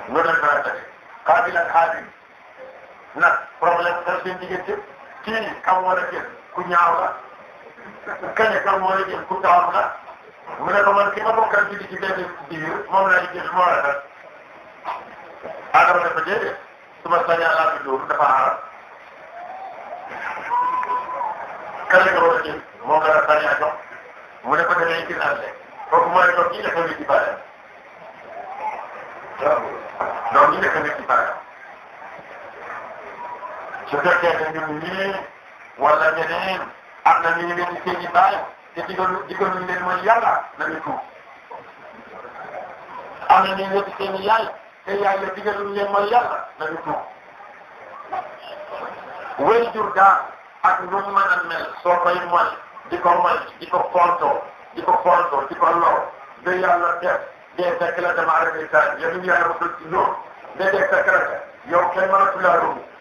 loolu la ñu war a tëddee xaabil ak xaabil nag problème dal seen diggante kii kam war a jël ku ñaaw la kañ kam war a jël ku tawam la mu ne ko man ki ma bokkal bi ci benn biir moom laa jël moo la dal Adama dafa déedéet su ma sañaa laa fi dóor dafa aar kañ la war a jël moo gën a sañaa jox mu ne ko da ngay gis ànd kooku mooy ko kii dafa nit ci bàyyam donc ñu nekk nit ci bàyyam su fekkee ne ñun ñii wala ñeneen am na ñu leen seen i baay te digal digal ñu leen mooy yàlla nañu tuub am na ñu leen seen i yaay te yaay la digal ñu leen mooy yàlla nañu tuub way jur daal ak lu mu mën a mel soo koy moy di ko moy di ko fontoo di ko fontoo di ko lor ba yàlla def dee fekk la dama arrêté saa yi yéen ñu yàlla ko ci loolu ba dee fekk la yow kenn mënatu laa rubu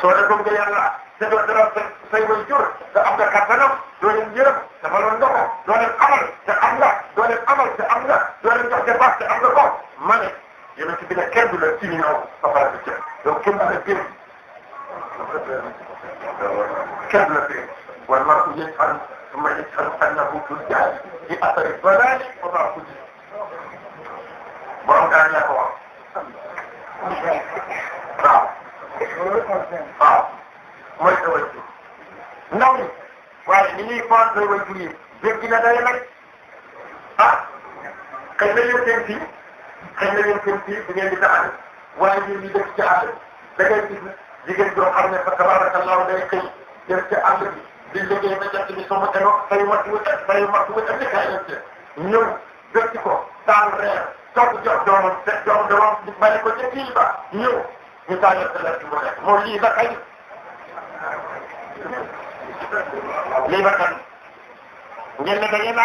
සොරකම් ගියනවා සබතරත් සයිවල් ජුර අපද කපනෝ දොරෙන් ජිර සමරන් දෝ දොරෙන් අමර සම්ද දොරෙන් අමර සම්ද දොරෙන් තකපස් සම්ද කො මන يمكن بلا كاد ولا تيمين او سفر بك لو كنا نبين كاد لا تيمين يسأل ثم يسأل أنه تزعج في أثر الضلال وضع كل xalaat mooy way jur yi jéggi na day nag ah xëy na yéen seen fii xëy na yéen seen fii bu ngeen di taxaw waaye ñun ñu dëkk ci àll da ngay gis jigéen joo xam ne fa tabarakallahu day xëy dem ci àll bi di liggéey ba jant bi sama keneen fayu mat wu teg fayu mat wu teg nekk ay yëngu ñëw dëkk ko taal reer toog jox doomam te doom doomam di bàyyi ko ca kii ba ñëw ñu taalal sa lekk mu nekk moom lii ba kañ lii ba kañ ngeen da ngeen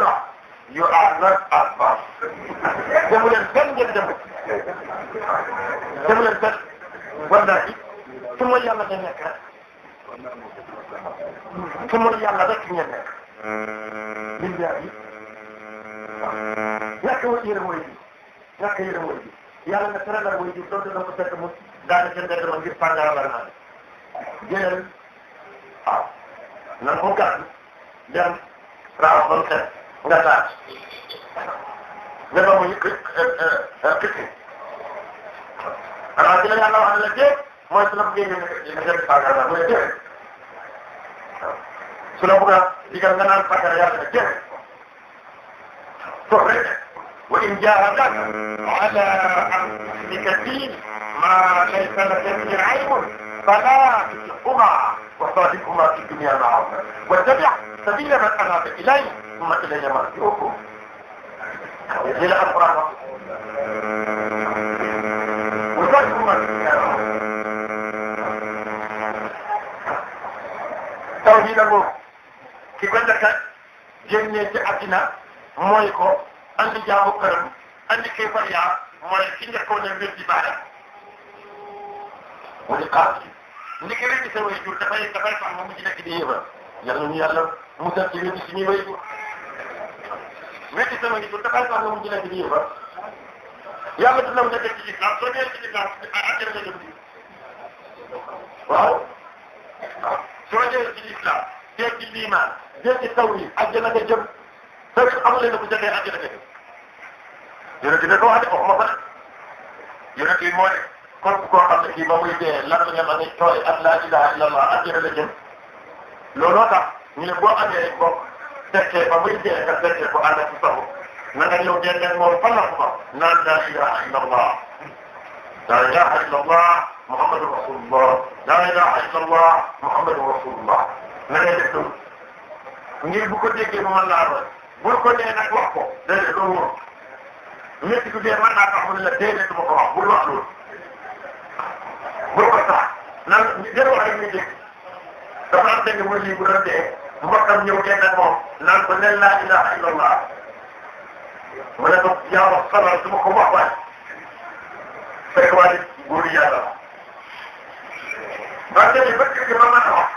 a am wax you are not as bad demu leen ngeen dem demu leen benn wallahi su ma yàlla da nekk rek su ma yàlla rek ngeen nekk billahi ñàkk wa yërëm way bi ñàkk yërëm way bi yàlla na ko ngir waaw nan mu gàtt dem raxas ba mu set nga taat dafa muy kii alors que la yàlla wax na la jéeg mooy su la bëggee nga nga def bàkkaar la mu ne jéeg su la bëgg a digal nga naan bàkkaar yàlla na jéeg toog rek وإن جاهدك على أن تشرك به ما ليس لك به علم بلاء الامم وصادق امم في الدنيا والاخره واتبع سبيل من اناب اليه ثم الي مرجعكم الى القران وذكر توحيد الروح كي كنت كان جيني تي ادنا موي كو اندي جامو كرم اندي كيفاريا موي كي نكو نيم دي بارا ولي قاتل ni kere ni sama jur da bay da bay fa mo ci nek di yeba yalla ni yalla mu ta ci ni ci ni way ko wetti sama jur da bay fa mo ci nek di yeba yalla dina mu nek ci islam so ngeen ci islam akere nga jëm waaw so ngeen ci islam te ci liman te ci tawhid aljana nga jëm sabi amul na ko jage aljana nga jëm yalla dina ko wax ko ma fa yalla ki mo ne koko ko allah hima wuyde lamɗe ma ni to e an la ilaha illallah addire le jom lono tax ñine bo amee bo tekke ba wuyde nga tekke ko allah ci sahu nanga ñëw denden moom falla ko ba naan la ilaha illallah la ilaha illallah muhammadu rasulullah la ilaha illallah muhammadu rasulullah nanga def dum ngir bu ko déggee mu mën laa roy bul ko nee nag wax ko déedéet doo wóor métti ku dee mën naa tax mu ne la déedéet du ma ko wax bul wax loolu bu waxtaan nan ngeen wax rek ñu dégg dafa am benn wali bu doon dee mbokkam ñëw kenn ak moom naan ko nen laa ilaha illallah mu ne ko yaa wax sabal su ma ko wax waay fekk waa nit góor yàlla la wante ni ba kii ma mën a wax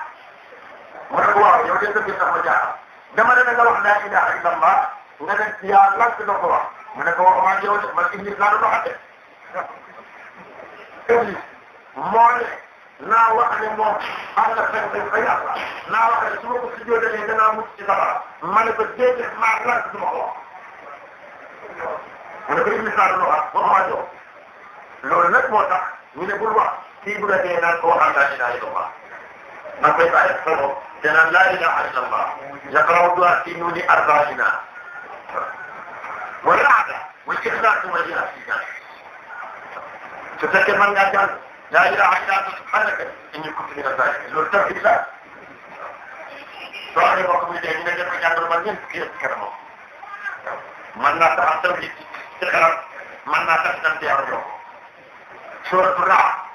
mu ne ko waaw yow de dëgg sax ma jaaxal dama ne nga wax laa ilaha illallah nga ne yaa lakk nga ko wax mu ne ko wax maa yow de man iblis laa doon waxate iblis mooy naa wax ne moom am na fexe dañ ko yàq naa wax ne su ma ko si jóodalee danaa mucc ci dara ma ne ko déedéet maa lan du ma ko wax ma ne ko iblis laa doon wax waxumaa joo loolu nag moo tax ñu ne bul wax kii bu la dee naan ko waxal laa ilaha illa allah ndax koy bàyyi sa bopp te naan laa ilaha illa allah yaqraw doa si nuuni arbaina wa laada wal ixlaas wa jihad su fekkee man ngaa jàng لا إله إلا أنت سبحانك إني كنت من الظالمين لو ارتبت بالله سؤال يبقى الذين لم يجعلوا المنين كيف يتكلموا من لا تعتمد تقرأ من لا تعتمد يرجو سورة الرعد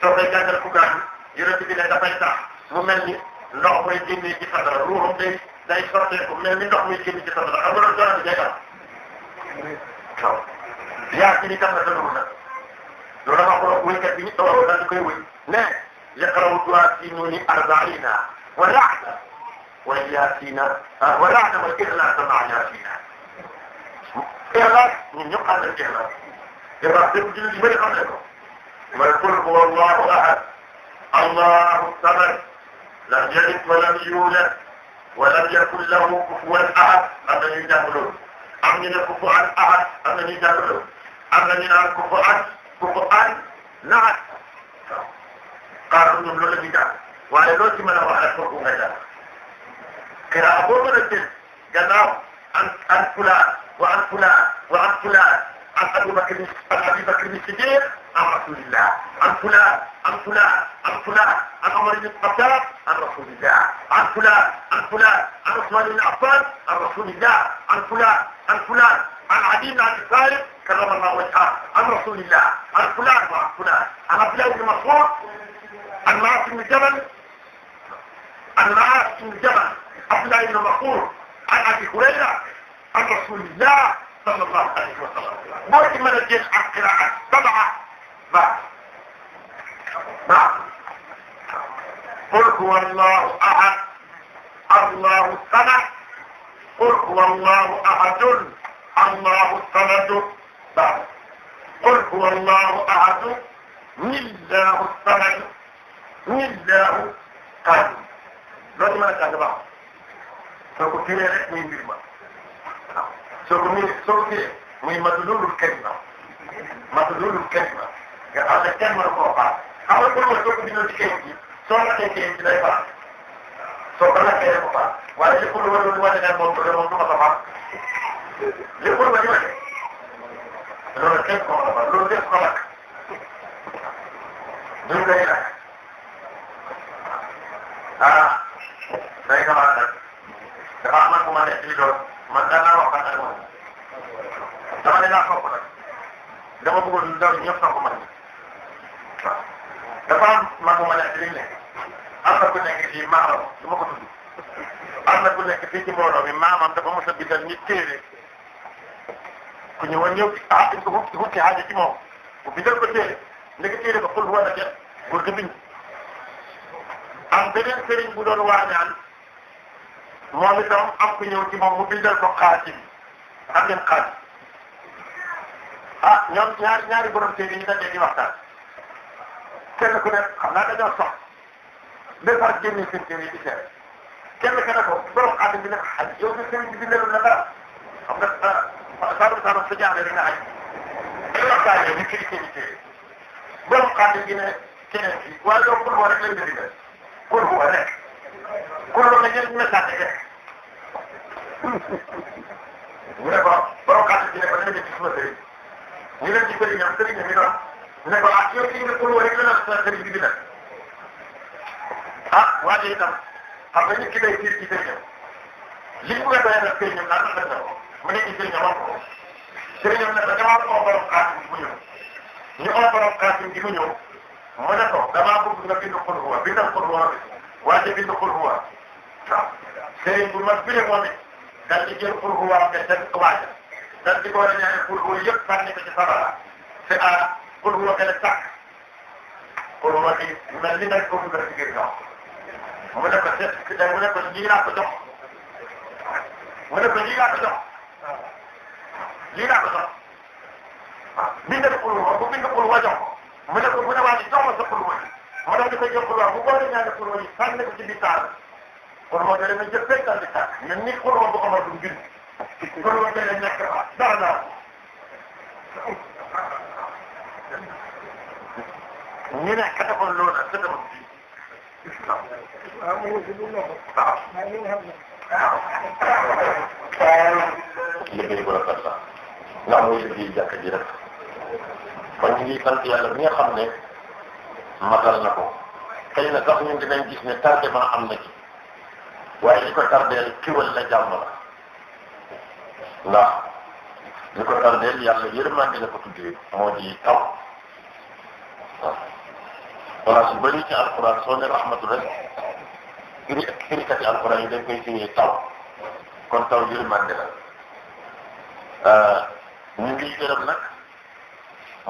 soo koy jàngal ku gaañu yonent bi ne dafay tax mu mel ni ndox mooy génnee ci sadara ruuxam day day sotteeku mel ni ndox muy génn ci sadara xam nga loolu doon bi day am waaw yaa ci ni tam la dalul nag نورا قرأ ويكا بني طوى ولاد كوي ناس يقرأ الياسين أربعين الله أحد لم يلد ولم يولد ولم يكن له كفوا أحد أمن يدخلون أمن يكفوا عن أحد أمن يدخلون أمن يكفوا عن alqur'aan naxas xaaral ñoom loolu la ñuy jàng waaye loo ci mën a wax rek عن nga jàng qiraa boo mën a عن ابي بكر عن ابي بكر الصديق عن رسول الله عن فلان عن فلان عن فلان عن عمر بن الخطاب عن رسول الله عن فلان عن فلان عن عثمان بن عفان عن رسول الله عن فلان عن فلان عن عدي بن عبد طالب كرم الله وجهه عن رسول الله عن فلان وعن فلان عن عبد الله بن مسعود عن معاذ بن جبل عن معاذ بن جبل عبد الله بن مسعود عن ابي هريره عن رسول الله صلى الله عليه وسلم مؤتمن الجيش عن قراءه سبعه ما ما قل هو الله احد الله الصمد قل هو الله احد الله الصمد بعد قل هو الله أحد لله الصمد لله قادم loolu mën a tàng baax soo ko firee rek muy mbir ma waaw soo ko muy soo ko firee muy matu loolu kenn na matu loolu kenn na nga xam ne kenn mën a koo baax xam nga pour ma soo ko bindoon ci kayit bi soo natee kayit bi day baax soo ko natee rek ko baax waaye lépp lu ma doon wane ne moom moom du ma ko baax lépp lu ma di wane دول كيف قرابة دول كيف قرابة دول كيف آه زي كما قلت رحمة من يحجدون من دانا وقد أنون طبعا لا خوف لك ده ما بقول لله يفتح مني da faam man moom a nekk li nekk am na ku nekk fii maamam du ma ko tudd am na ku nekk fii ci mbooloo mi maamam dafa mos a bindal ñi téere ko ñu won ñëw ah dañ ko fukki fukki haaja ci moom bu bindal ko téere léegi téere ba xul woon na ca góor ga bind am beneen sëriñ bu doon waañaan moom itam am ko ñëw ci moom mu bindal ko xaatim am ngeen xaatim ah ñoom ñaari ñaari borom téere ñu dajee di waxtaan kenn ku ne xam naa dañoo sox defar génne seen téere yi di seet kenn ku ne ko borom xaatim bi ne xaj yow sa sëriñ bi bindaloon na dara xam nga saru saru sujaare dina ay ila kaale ni kiri kiri kiri bon kaale dina kene fi wa do ko wala le dina ko wala ko lo ngeen na sa te mu ne ko borom kaale dina ko le ci suma sey ñu leen ci bëri ñam sëriñ mi do ne ko ak yow ci ngi ko wala la sa sëriñ bi dina ah waaje itam xam nga nit ki day kiri ci sëriñ li mu nga doyal ak sëriñ naan la ko ولكن سيرنا بابو سيرنا من بجمع أوبر قاتل بنيو ni أوبر قاتل بنيو منكو كما كنت نبين قل هو بين قل هو واجب بين قل هو سيرنا بمسبيل وامي dal di jël pour bu war a def ko waaja dal di ko war a ñaane pour bu yëpp sànni ko ci sabara c'est à pour bu waxee la sàkk pour bu waxee mel ni nag comme nga ci biir ndox mu ne ko mu ne ko lii laa ko jox mu ne ko lii laa ko jox lii laa ko sax biñ def xulwa bu bind xulwa jox mu ne ko mu ne waa ji jox ma sa xulwa ji ma daal di koy jox xulwa bu boole ñaari xulwa yi sànni ko ci biir taal xulwa jëlee na jël fekk daal di tàkk mais ni xulwa bu xamal du bind xulwa jëlee nekk ba dara dara ñu ne ka defoon loolu ak sa demoon waaw waaw liggéey bu rafet la ndax muy liggéey jàkka ji rek kon ñu ngi sant yàlla bi nga xam ne matal na ko xëy na sax ñun dinañ gis ne tardement am na ci waaye li ko tardeel kiwal la jàmm la ndax li ko tardeel yàlla yërmande la ko tuddee moo di taw waaw voilà su bëri ci alquran soo ne rahmatu rek Kita firikati alquran yi dañ koy signé taw kon taw jël mande la ñu eh, ngi gërëm nag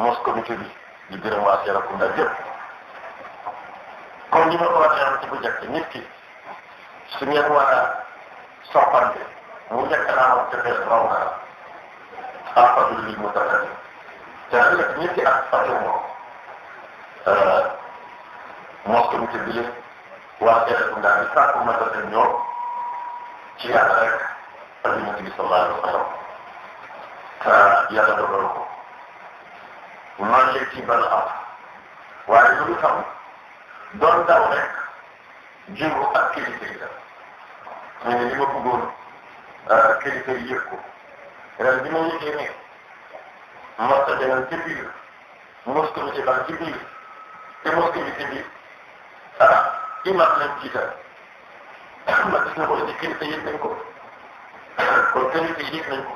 mos comité bi di gërëm waa Serakunda yëpp comme ni ma ko waxee woon ci bu njëkk nit ki su ngeen war soppante mu njëkk naa wax te fees raw nit ak bi waa jërëjëf daal di sàkku ma def ñoom ci yàlla rek ak yonent bi sallallahu alayhi wa sallam te yàlla dogal ko manqué ci ban am waaye lu xam doon daw rek jiwu ak kilifa yi la ñu ne li ma bëggoon kilifa yi yëg ko ren bi ma yëgee ne mos a demee ci biir mos ko ci ban ci biir te mos ko ci biir ah. imaam lañ jiital ndax gis na ko ci kilifa yëg nañ ko kon kilifa yëg nañ ko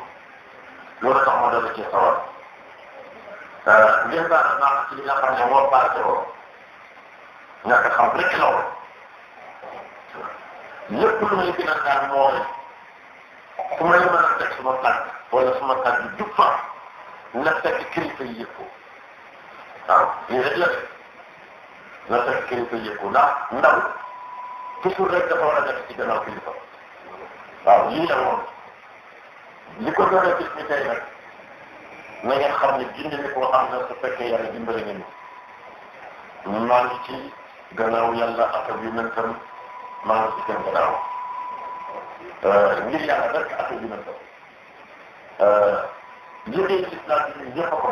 loolu tax mu dal ci sawar ngeen baax naa ci li nga xam ne moo paase ko ñàkk xam rek la woon lépp lu muy gën a daal wala suma tànk jub fa na fekk kilifa yëg ko waaw lii rek na tax kilifa yëpp ndax ndaw toujours rek dafa war a nekk ci gannaaw kilifa waaw lii la woon li ko doon gis ni tey nag na ngeen xam ne gindi ni koo xam ne su fekkee yàlla dimbali ngeen ñu maa ngi ci gannaaw yàlla ak ak yu mel tam maa ngi ci seen gannaaw ngir yàlla rek ak ak yu mel tam yëgee gis naa ci yëpp a ko